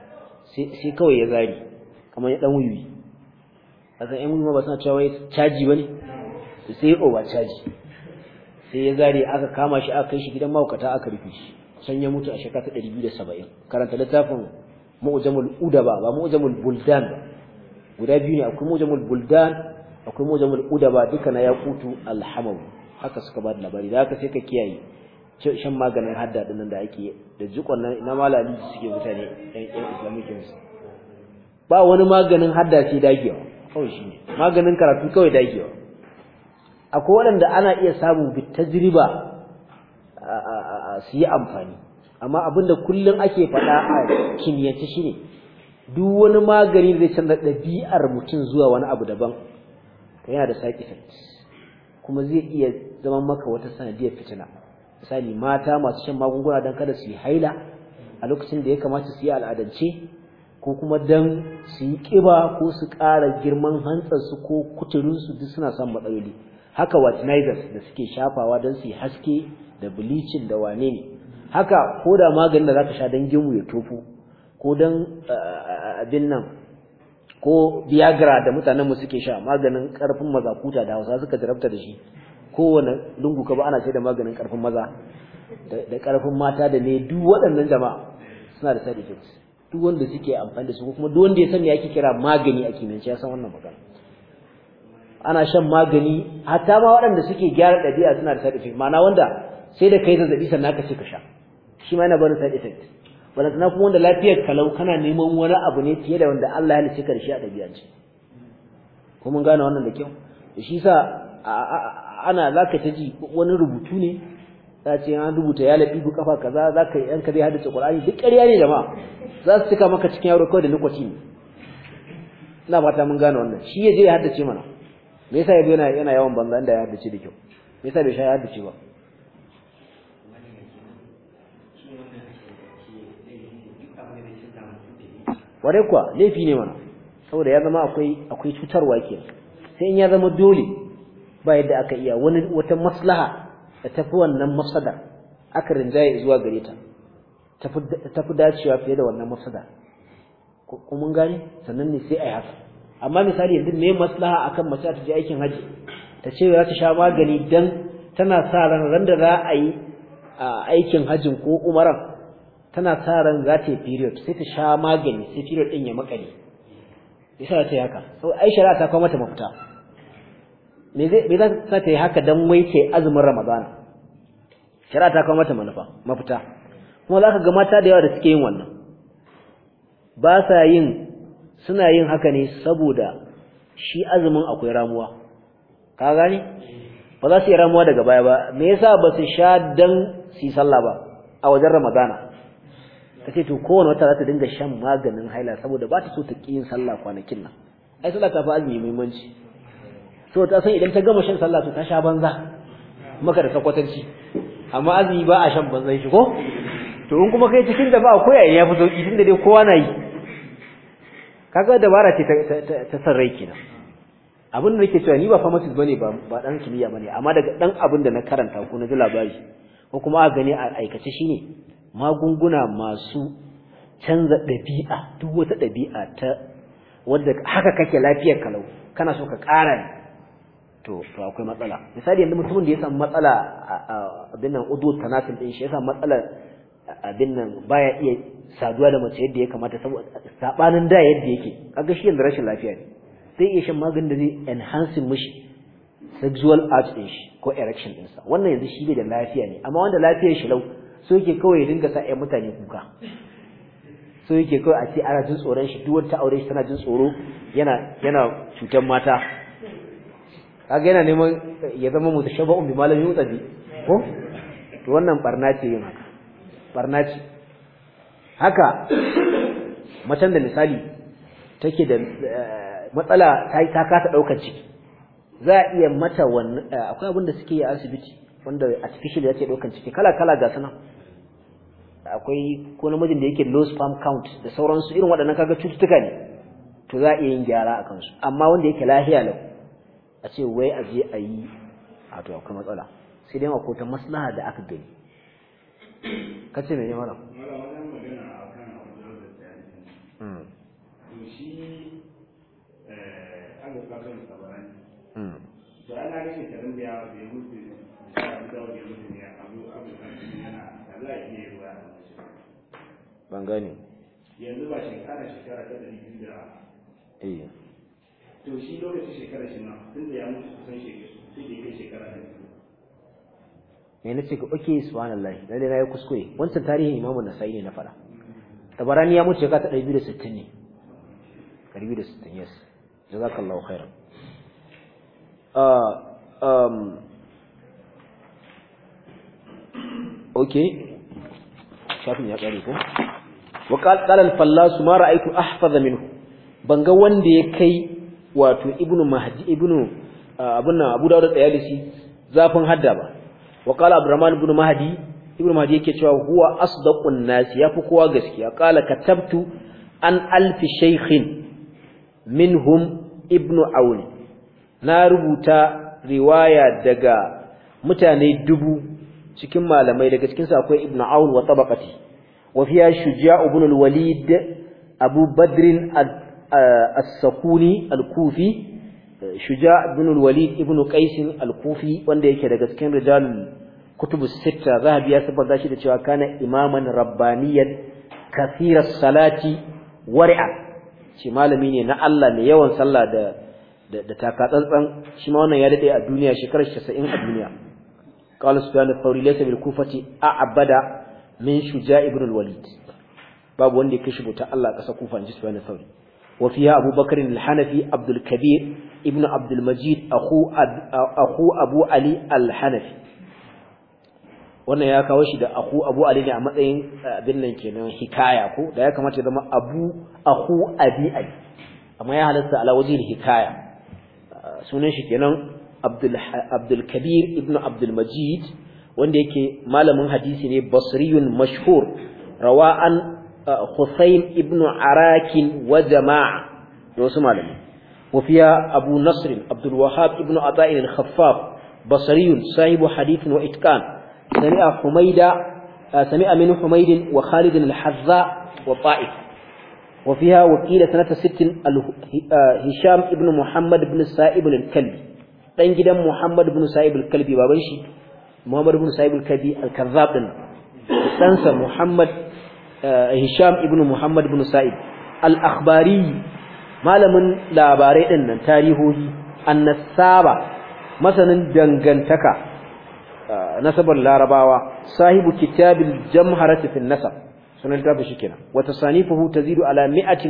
sai kawai ya zari kamar ya dan wuyi a zan yi wuyi ba suna cewa wai caji bane sai ya over caji sai ya zari aka kama shi aka kai shi gidan mahaukata aka rufe shi san ya mutu a shekara ta 270 karanta littafin mu'jamul udaba ba mu'jamul buldan guda biyu ne akwai mu'jamul buldan akwai mu'jamul udaba duka na yakutu alhamawi haka suka ba da labari da haka sai ka kiyaye shan maganin hadda dinnan da ake da jikon nan na malami suke mutane ɗan musu. ba wani maganin hadda sai dagewa kawai shi maganin karatu kawai dagewa akwai waɗanda ana iya samu bi tajriba su yi amfani amma abin da kullum ake faɗa a kimiyyance ne. duk wani magani zai canza ɗabi'ar mutum zuwa wani abu daban yana da side effect kuma zai iya zama maka wata sanadiyar fitina misali mata masu shan magunguna don kada su yi haila a lokacin da ya kamata su yi al'adance ko kuma don su yi ƙiba ko su ƙara girman hantsarsu ko kuturinsu duk suna son matsaloli haka watinizers da suke shafawa don su yi haske da bleaching da wane ne haka ko da maganin da zaka sha don gimu ya tofu ko don eh, eh, abin nan ko biagra da mutanen mu suke sha maganin karfin maza kuta da Hausa suka jarabta da shi kowane lungu ka ba ana sai da maganin karfin maza da karfin mata da ne duk waɗannan jama'a suna da side effects duk wanda suke amfani da su kuma duk wanda ya sani yake kira magani a kimiyance ya san wannan magana ana shan magani hatta ma waɗanda suke gyara ɗabi'a suna da side effects ma'ana wanda sai da kai zazzabi sannan ka ce ka sha shi ma yana barin side effect balantana kuma wanda lafiyar kalau kana neman wani abu ne fiye da wanda Allah ya halicci karshe a ɗabi'ance ko mun gane wannan da kyau da shi sa ana zaka ta ji wani rubutu ne za ce an rubuta ya labi bu kafa kaza za ka yan ka zai haddace Qur'ani duk ƙarya ne jama'a za su cika maka cikin yaro kawai da lokaci ne ina fata mun gane wannan shi ya je ya haddace mana me yasa yazo yana yawan banza inda ya haddace da kyau me yasa bai sha ya haddace ba ware kuwa laifi ne mana saboda ya zama akwai akwai cutarwa ke sai in ya zama dole ba yadda aka iya wani wata maslaha da tafi wannan masada aka rinjaye zuwa gare ta tafi dacewa fiye da wannan masada ko mun sannan ne sai a yasa amma misali yanzu me maslaha akan mace ta je aikin haji ta ce za ta sha magani dan tana sa ran ran da za a yi aikin hajin ko umaran tana sa ran za ta yi period sai ta sha magani sai period din ya makale yasa ta yi haka sau ai shari'a ta kawo mata mafita me zai me zan sa ta yi haka dan wai ce azumin ramadana shari'a ta kawo mata manufa mafita kuma za ka ga mata da yawa da suke yin wannan ba sa yin suna yin haka ne saboda shi azumin akwai ramuwa ka gane ba za su yi ramuwa daga baya ba me yasa ba su sha dan su yi sallah ba a wajen ramadana ce to kowane wata za ta dinga shan maganin haila saboda ba ta so ta ƙi yin sallah kwanakin nan ai sallah ta fi azumi muhimmanci so ta san idan ta gama shan sallah to ta sha banza maka da sakwatanci amma azumi ba a shan banzan shi ko to in kuma kai cikin da ba koya ya fi sauki tunda dai kowa na yi kaga dabara ce ta san rai kenan abin da nake cewa ni ba famatis bane ba ba dan kimiyya bane amma daga dan abin da na karanta ko na ji labari ko kuma a gani a aikace shine magunguna masu canza ɗabi'a duk wata ɗabi'a ta wanda haka kake lafiyar kalau kana so ka ƙara ne to akwai matsala misali yanzu mutumin da ya samu matsala abin nan udu tanasil din shi ya samu matsala abin nan baya iya saduwa da mace yadda ya kamata saboda sabanin da yadda yake kaga shi yanzu rashin lafiya ne sai iya shan maganin da zai enhance mishi sexual art din shi ko erection din sa wannan yanzu shi ne da lafiya ne amma wanda lafiyar shi lau so yake kawai ya dinga sa ƴan mutane kuka so yake kawai a ce ana jin tsoron shi duk wata aure shi tana jin tsoro yana yana cutar mata kaga yana neman ya zama mutashabba'un bi malamin mutabi ko to wannan barna ce yin haka barna ce haka matan da misali take da eh, matsala ta ta kasa daukar ciki za a iya mata wannan eh, akwai abin da suke yi a asibiti wanda artificial yake daukar ciki kala kala ga sanan akwai ko namijin da yake low sperm count da sauransu irin waɗannan kaga cututtuka ne to za a iya yin gyara a kansu amma wanda yake lahiya lau a ce wai a je a yi a to akwai matsala sai dai mako ta maslaha da aka gani ka ce mene malam da ban gane yanzu ba shekara shekara ta dari biyu da eh to shi lokacin shekara shi na tun da ya mutu kusan shekara sai da kai shekara ta me na ce ka oke subhanallahi lalle na yi kuskure wancan tarihin imamu sa'i ne na fara tabarani ya mutu shekara ta ɗari biyu da sittin ne ɗari biyu da sittin yes jazakallahu khairan ah, um, okay shafin ya ƙare ko wa qala al-fallas ma ra'aytu ahfaza minhu ga wanda ya kai wato ibnu mahdi ibnu abunna abu dawud tsayalisi zafin hadda ba Waƙala qala Ibn ibnu mahdi ibnu mahdi yake cewa huwa asdaqun nas yafi kowa gaskiya qala katabtu an alf shaykhin minhum ibnu auni na rubuta riwaya daga mutane dubu cikin malamai daga cikinsu akwai ibnu aun wa tabaqati Wafiya شجاع بن الوليد أبو بدر السكوني الكوفي شجاع بن الوليد ابن قيس الكوفي وانده يكي daga cikin rijalul kutubus sita zahabi ya sabbata shi da cewa kana imaman rabbaniyan kathiras salati wari'a shi malami ne na Allah mai yawan sallah da da takatsantsan shi wannan ya dade a duniya shekarar 90 a duniya qala sufyan al-thawri laysa bil kufati a'bada min shuja ibn al-walid babu wanda ya kai shi bauta Allah kasa kufa inji subhanahu wa sauri wa fiha abubakar al-hanafi abdul kabir ibn abdul majid akhu akhu abu ali al-hanafi wannan ya kawo shi da akhu abu ali ne a matsayin eh, abin nan kenan hikaya ko da ya kamata ya zama abu akhu abi ali amma ya halatta ala wajhi hikaya eh, sunan shi kenan abdul abdul kabir ibn abdul majid wanda yake malamin hadisi ne basriyun mashhur rawa an uh, Husayn ibn Arakin wa jama'a da wasu malamai wafiya Abu Nasr Abdul Wahhab ibn Ata'il al-Khaffaf basriyun sahibu hadithin wa itqan sami'a Humayda سمع من حميد وخالد wa وطائف وفيها وكيل سنة ست هشام ابن محمد بن سائب الكلبي ɗan gidan Muhammad ibn Sa'ib al baban shi Muhammad ibn Sa'ib al-Kadi al-Kazzab din ɗansa Muhammad eh, Hisham ibn Muhammad ibn Sa'ib al-Akhbari malamin labarai din nan tarihohi annasaba masanin dangantaka eh, nasabar larabawa sahibu kitabil jamharati fil nasab sunan tafi shikenan wa tasanifuhu tazidu ala 150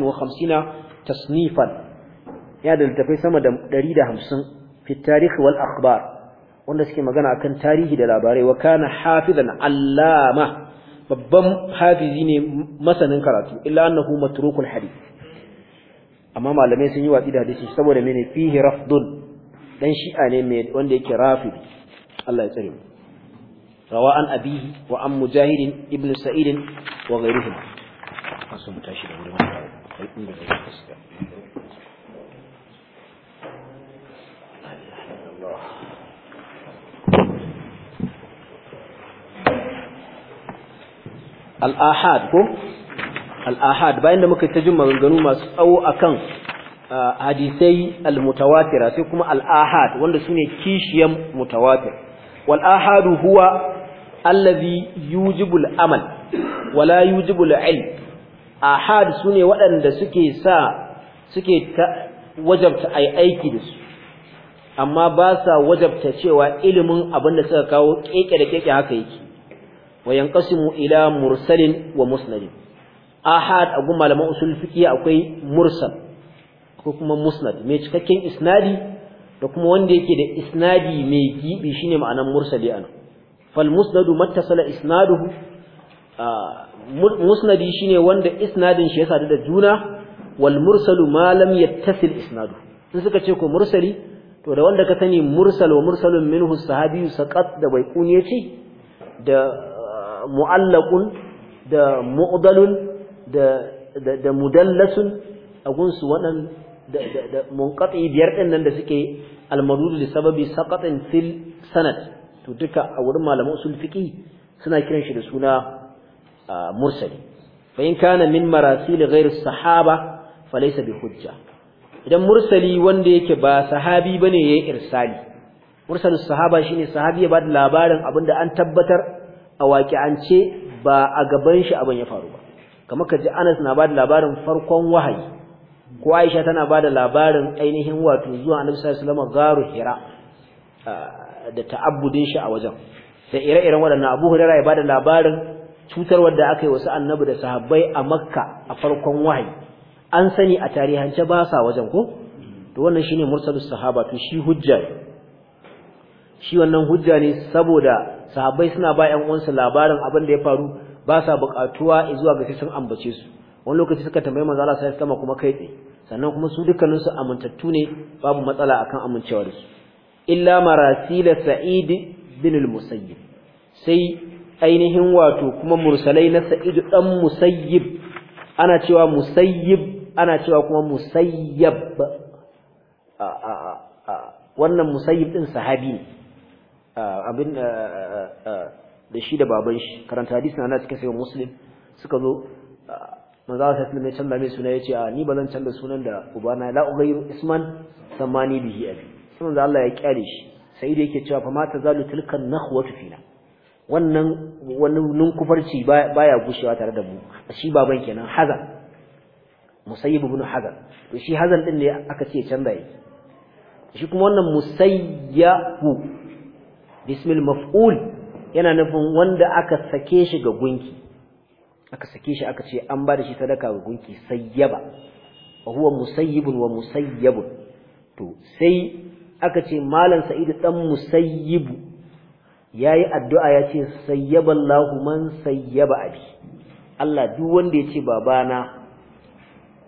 tasnifan ya da littafai sama da 150 fi tarikh wal akhbar wanda suke magana akan tarihi da labarai wa kana hafizan allama babban hafizi ne masanin karatu illa annahu matrukul hadith amma malamai sun yi watsi da hadisi saboda mene fihi rafdun dan shi'a ne mai wanda yake rafid Allah ya tsare mu rawa an abihi wa an mujahidin ibn sa'id wa ghayruhum asu mutashi da wurin wannan Allah Al'ahad ahad ko al bayan da muka yi ta jin maganganu masu tsawo akan ah, hadisai al-mutawatira sai kuma al'ahad ahad wanda sune kishiyan mutawatir wal ahadu huwa allazi yujibul amal wala yujibul ilm ahad sune waɗanda suke sa suke wajabta ai aiki da su amma ba sa wajabta cewa ilimin abinda suka kawo keke da keke haka yake wa yanqasimu ila mursalin wa musnadin ahad a gun malaman usul fiqi akwai mursal ko kuma musnad mai cikakken isnadi da kuma wanda yake da isnadi mai gibi shine ma'anar mursali ana fal musnadu mattasala isnaduhu musnadi shine wanda isnadin shi ya sadu da juna wal mursalu ma lam yattasil isnadu in suka ce ko mursali to da wanda ka sani mursal wa mursalun minhu sahabi saqat da baiquni yace da mu'allaqun da mu'dalun da da mudallasun a gunsu waɗan da da munqati biyar din nan da suke almarud li sababi saqatin fil sanad to duka a wurin malaman usul fiqi suna kiran shi da suna mursali fa in kana min marasil ghairi sahaba falaysa bi hujja idan mursali wanda yake ba sahabi bane yayin irsali mursalus sahaba shine sahabi ya bada labarin abinda an tabbatar a waƙi'ance ba a gaban shi abin ya faru ba kamar ka kaji Anas na bada labarin farkon wahayi ko Aisha tana bada labarin ainihin wato zuwa Annabi sallallahu alaihi wasallam garu Hira da ta'abbudin shi a wajen sai ire-iren waɗannan Abu Hurairah ya bada labarin cutar da aka yi wasu annabi da sahabbai a Makka a farkon wahayi an sani a tarihance ba sa wajen ko to wannan shine mursalus sahaba to shi hujja shi wannan hujja ne saboda sahabbai suna ba ƴan uwansu labarin abin da ya faru ba sa buƙatuwa zuwa ga sun ambace su wani lokaci suka tambayi manzo Allah sai sama kuma kai tsaye sannan kuma su dukkanin su amintattu ne babu matsala akan amincewa da su illa marasila sa'id bin al-musayyib sai ainihin wato kuma mursalai na sa'id dan musayyib ana cewa musayyib ana cewa kuma musayyab wannan musayyib din sahabi ne Ah, abin ah, ah, da shi da baban shi karanta hadisin ana cikin sayin muslim suka zo manzo Allah sallallahu alaihi wasallam ya suna yace a ni ba zan canza sunan da ubana la ughayru isman samani bihi abi sunan da Allah ya kyale shi sai da yake cewa fa ma tazalu tilkan nakhwatu fina wannan wani ninkufarci baya gushewa tare da mu shi baban kenan hazan musayyib ibn hazan to shi hazan din ne aka ce canza yake shi kuma wannan musayyahu bismil maf'ul yana nufin wanda aka sake shi ga gunki aka sake shi aka ce an bada shi sadaka ga gunki sayyaba wa huwa musayyibun wa musayyabun to sai aka ce malam sa'idu dan musayyibu yayi addu'a ya ce sayyaballahu man sayyaba abi Allah duk wanda ya ce babana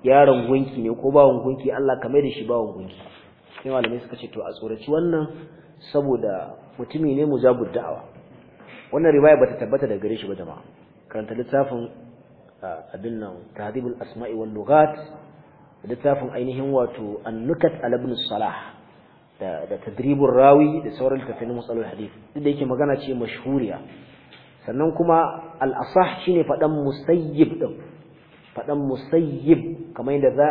yaron gunki ne ko bawon gunki Allah ka mai da shi bawon gunki sai malamai suka ce to a tsoraci wannan saboda mutumi ne mujabud da'awa wannan riwaya bata tabbata daga gare shi ba jama'a karanta littafin abin nan tahdibul asma'i wal lughat littafin ainihin wato annukat nukat ibn salah da da tadribur rawi da sauran littafin musalul hadith duk da yake magana ce mashhuriya sannan kuma al-asah shine fadan musayyib din fadan musayyib kamar yadda za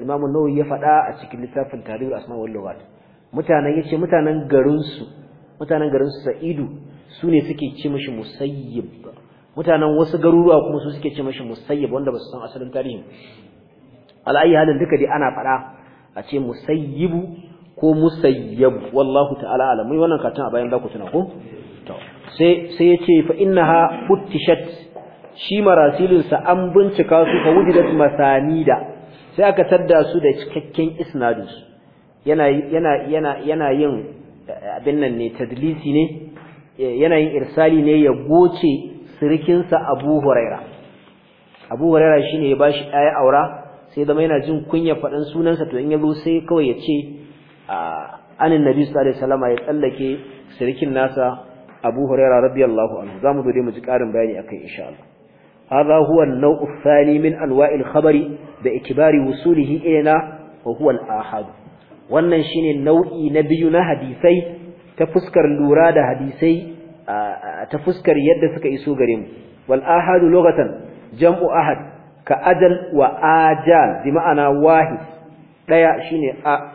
Imam an-Nawawi ya fada a cikin littafin tahdibul asma'i wal lughat mutanen yace mutanen garin su mutanen garin su sa'idu suke ce mishi musayyib mutanen wasu garuruwa kuma su suke ce mishi musayyib wanda ba su san asalin tarihi ala'ayi halin duka dai ana fada a ce musayyibu ko musayyab wallahu ta'ala alam mai wannan katon a bayan zaku tuna ko to sai sai yace fa innaha futtishat shi marasilin sa an bincika su fa wujidat masanida sai aka tadda su da cikakken isnadu yana yana yana yana yin eh, abin nan ne tadlisi ne eh, yana yin irsali ne ya goce sirikinsa Abu Huraira Abu Huraira shine ya bashi ɗaya aura sai zama yana jin kunya sunan sunansa to in ya zo sai kawai ya ce ah, anin Nabi sallallahu alaihi wasallam ya tsallake sirkin nasa Abu Huraira radiyallahu anhu zamu zo dai mu ji karin bayani akai insha Allah هذا هو النوع الثاني من أنواع الخبر باعتبار وصوله إلينا وهو الآحاد wannan shine nau'i na biyu na hadisai ta fuskar lura da hadisai ta fuskar yadda suka iso gare mu wal ahad lughatan jam'u ahad ka ajal wa ajal bi ma'ana wahid daya shine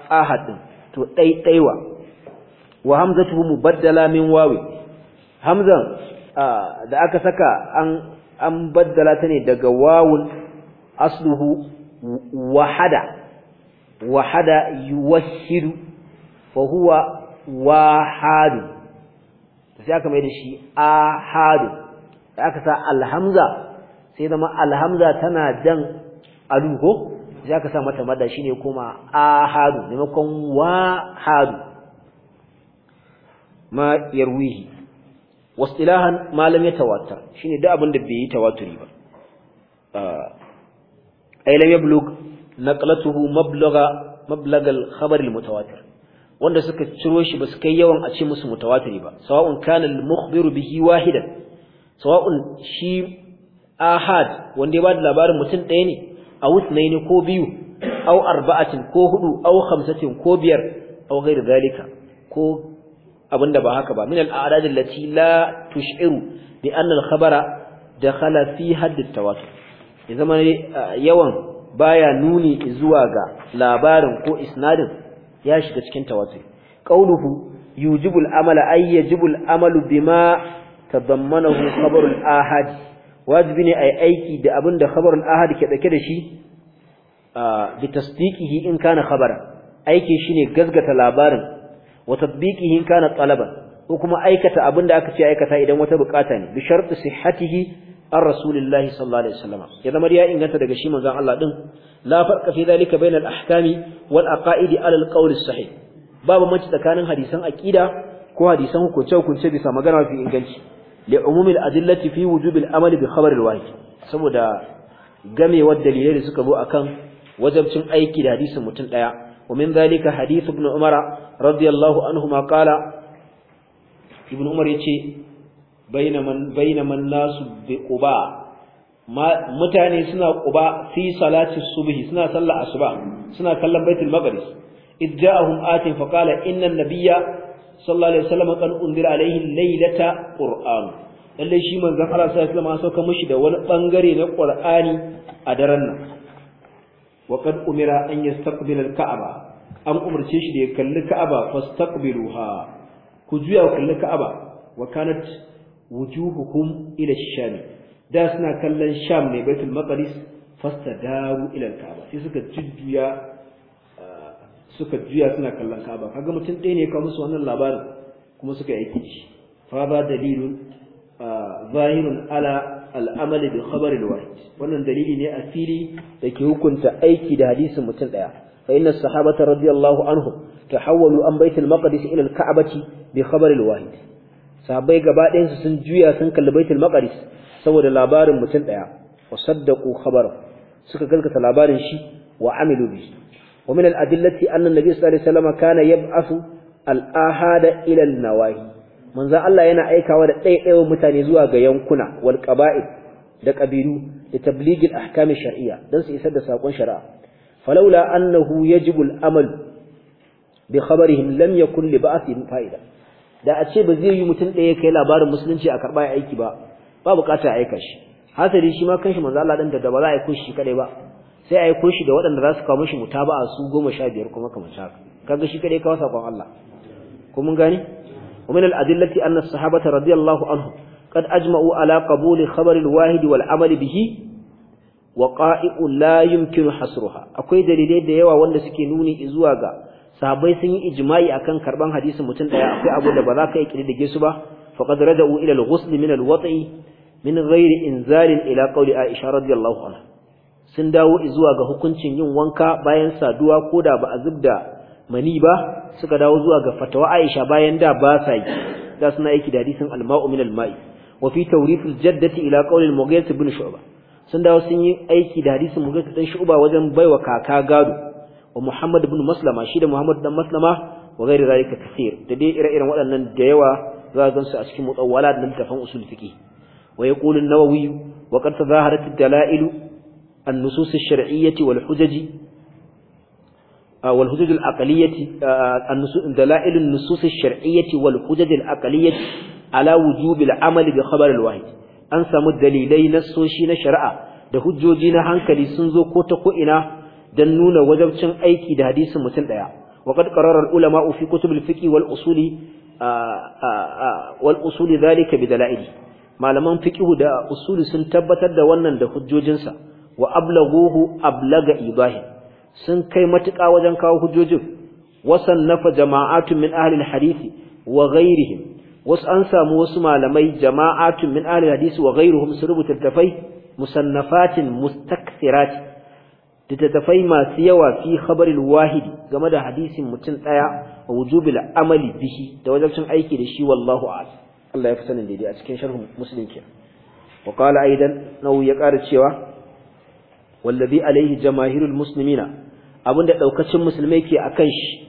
ahad din to dai daiwa wa hamzatu mubaddala min wawi hamzan da aka saka an an baddala ta ne daga wawun asluhu wahada wahada yuwahhidu fa huwa wahadu sai aka mai da shi ahadu da aka sa alhamza sai zama alhamza tana jan alu ko sai aka sa mata madda shine kuma ahadu maimakon wahadu ma yarwihi wasilahan malam ya tawatar shine duk abin bai yi tawaturi ba ai lam yablug naqlatuhu mablagha mablagal khabar almutawatir wanda suka ciro shi ba su kai yawan a ce musu mutawatiri ba sawa'un kana almukhbiru bihi wahidan sawa'un shi ahad wanda ya bada labarin mutum ɗaya ne aw ne ko biyu au arba'atin ko hudu au khamsatin ko biyar aure ghair zalika ko abinda ba haka ba min al-a'dad allati la tush'iru bi anna al-khabara dakhala fi hadd at-tawatur ya zama yawan baya nuni zuwa ga labarin ko isnadin ya shiga cikin tawatur qauluhu yujibu al-amala ay yajibu amalu bima tadammanahu khabar ahad wajibi ne ay aiki da abinda khabar al-ahad ke dake da shi bi tasdiqihi in kana khabara aiki shine gazgata labarin wa tatbiqihi in kana talaban ko kuma aikata abinda aka ce aikata idan wata bukata ne bi shartu sihhatihi an rasulillahi sallallahu alaihi wasallam ya zama ya inganta daga shi manzon Allah din la farqa fi zalika bayna al-ahkami wal a ala al-qawl sahih babu mace tsakanin hadisan aqida ko hadisan hukunce hukunce bisa magana fi inganci li umumi al-adillati fi wujub al-amali bi khabar al-wahid saboda gamewar dalilai da suka zo akan wajabcin aiki da hadisin mutum daya ومن ذلك حديث ابن umara رضي anhu عنهما قال Umar ya ce. bainaman nasu bi quba mutane suna quba fi salati subhi suna sallar asuba suna kallon baitul maqdis id ja'ahum atin fa qala inna an-nabiyya sallallahu alaihi wasallam kan undira alaihi laylata qur'an lalle shi manzon Allah sallallahu alaihi wasallam sauka mishi da wani bangare na qur'ani a daren nan wa qad umira an yastaqbil al-ka'aba an umarce shi da ya kalli ka'aba fastaqbiluha ku juya ku kalli ka'aba wa kanat wujuhukum ila sham da suna kallon sham ne baitul maqdis fastadaru ila kaaba sai suka jujjuya eh, suka juya suna kallon kaaba kaga mutum ɗaya ne ka musu wannan labarin kuma suka yi kici fa ba dalilun eh, zahirun ala al'amali bi khabar al-wahid wannan dalili ne asiri da ke hukunta aiki da hadisin mutum daya fa inna sahabata radiyallahu anhu tahawwalu an baitul maqdis ila al-ka'bati bi khabar wahid sabai gaba ɗayan su sun juya sun kalli baitul maqdis saboda labarin mutum daya wa saddaqu khabarahu suka galkata labarin shi wa amilu bi wa min al-adillati anna an-nabi sallallahu alaihi wasallam kana yab'athu al-ahada ila an-nawahi manzo Allah yana aikawa da ɗaiɗaiwa mutane zuwa ga yankuna wal qaba'id da qabilu da tablighi ahkamin ahkam shariyya dan su isar da sakon shari'a falawla annahu yajibu al-amal bi khabarihim lam yakun li ba'thi fa'ida da a ce ba zai yi mutum ɗaya kai labarin musulunci a karɓa aiki ba ba bukata a aika shi hasari shi ma kanshi manzo Allah din da ba za a yi shi kadai ba sai a aiko shi da waɗanda za su kawo mishi mutaba'a su goma sha biyar kuma kamar haka kaga shi kadai kawo sakon Allah ko mun gane ومن الأدلة أن الصحابة رضي الله عنهم قد أجمعوا على قبول خبر الواحد bihi wa وقائع لا يمكن hasruha akwai dalilai da yawa wanda suke nuni zuwa ga sahabbai sun yi ijma'i akan karban hadisin mutum daya akwai abu da ba za ka yi kididdige su ba faqad raja'u ila al-ghusl min al-wati min ghairi inzal ila qawli Aisha radiyallahu anha sun dawo zuwa ga hukuncin yin wanka bayan saduwa ko da ba a zubda mani ba suka dawo zuwa ga fatawa Aisha bayan da ba sa yi da suna aiki da hadisin al-ma'u min al-ma'i wa fi tawrif al-jaddati ila qawli al-Mughith ibn Shu'bah sun dawo sun yi aiki da hadisin Mughith ibn Shu'bah wajen baiwa kaka gado wa Muhammad ibn Maslama shi da Muhammad dan Maslama wa ghairi zalika kaseer da dai ire-iren waɗannan da yawa za ga su a cikin mutawwalat da tafan usul fiqi wa yaqulu an-nawawi wa qad tazaharat ad an-nusus ash wal hujaj wal wal ala wujub al-amal wahid an samu dalilai na soshi na shari'a da hujjoji na hankali sun zo ko ta ko ina dan nuna wajabcin aiki da hadisin mutum daya waqad qarara ulama fi kutub al-fiqh wal usuli wal usuli dhalika bidala'il malaman fiqh da usuli sun tabbatar da wannan da hujjojinsa wa ablaguhu ablaga ibahi sun kai matuƙa wajen kawo hujjojin sannafa jama'atun min ahli al-hadith wa ghayrihim wasu an samu wasu malamai jama'atun min ahli al-hadith wa ghayruhum sun rubuta tafai musannafatin mustakthirat littattafai masu yawa fi khabaril wahidi game da hadisin mutum ɗaya a wujubil amali bihi da wajibcin aiki da shi wallahu a'lam Allah ya fi sanin daidai a cikin sharh muslim ke wa aidan nau ya ƙara cewa wallazi alaihi musulmina, abin abinda ɗaukacin musulmai ke a kan shi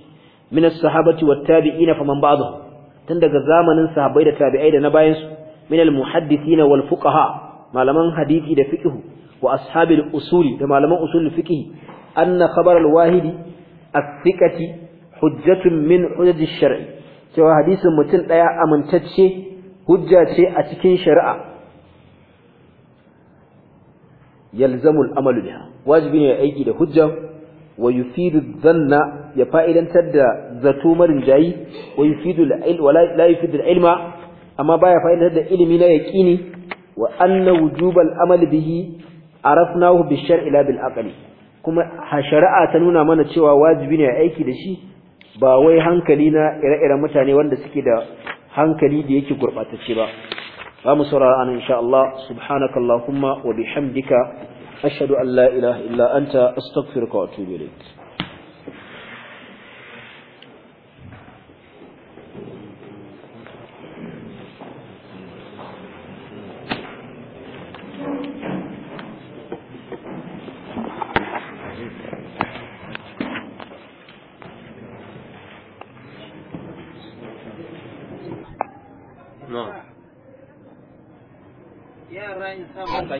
min as-sahabati wat tabi'ina faman ba'dahu tun daga zamanin sahabbai da tabi'ai da na bayansu, minal min al-muhaddithina wal fuqaha malaman hadisi da fiqh wa ashabil usuli da malaman usul fiqh anna khabar al-wahidi as-thiqati hujjatun min hujjat ash-shar'i cewa mutum ɗaya amintacce hujjace a cikin shari'a yalzamu amalu biha wajibi ne aiki da hujja wa yufidu dhanna ya fa'idantar da zato marin jayi wa yufidu al-ilm wa la yufidu al-ilma amma baya fa'idantar da ilimi na yaqini wa anna wujubal amali bihi arafnahu bishar ila bil aqli kuma shari'a ta nuna mana cewa wajibi ne aiki da shi ba wai hankali na ire-iren mutane wanda suke da hankali da yake gurbatacce ba za mu saurara an insha Allah subhanaka allahumma wa bihamdika ashhadu an la ilaha illa anta astaghfiruka wa atubu ilayk 刚才你讲的。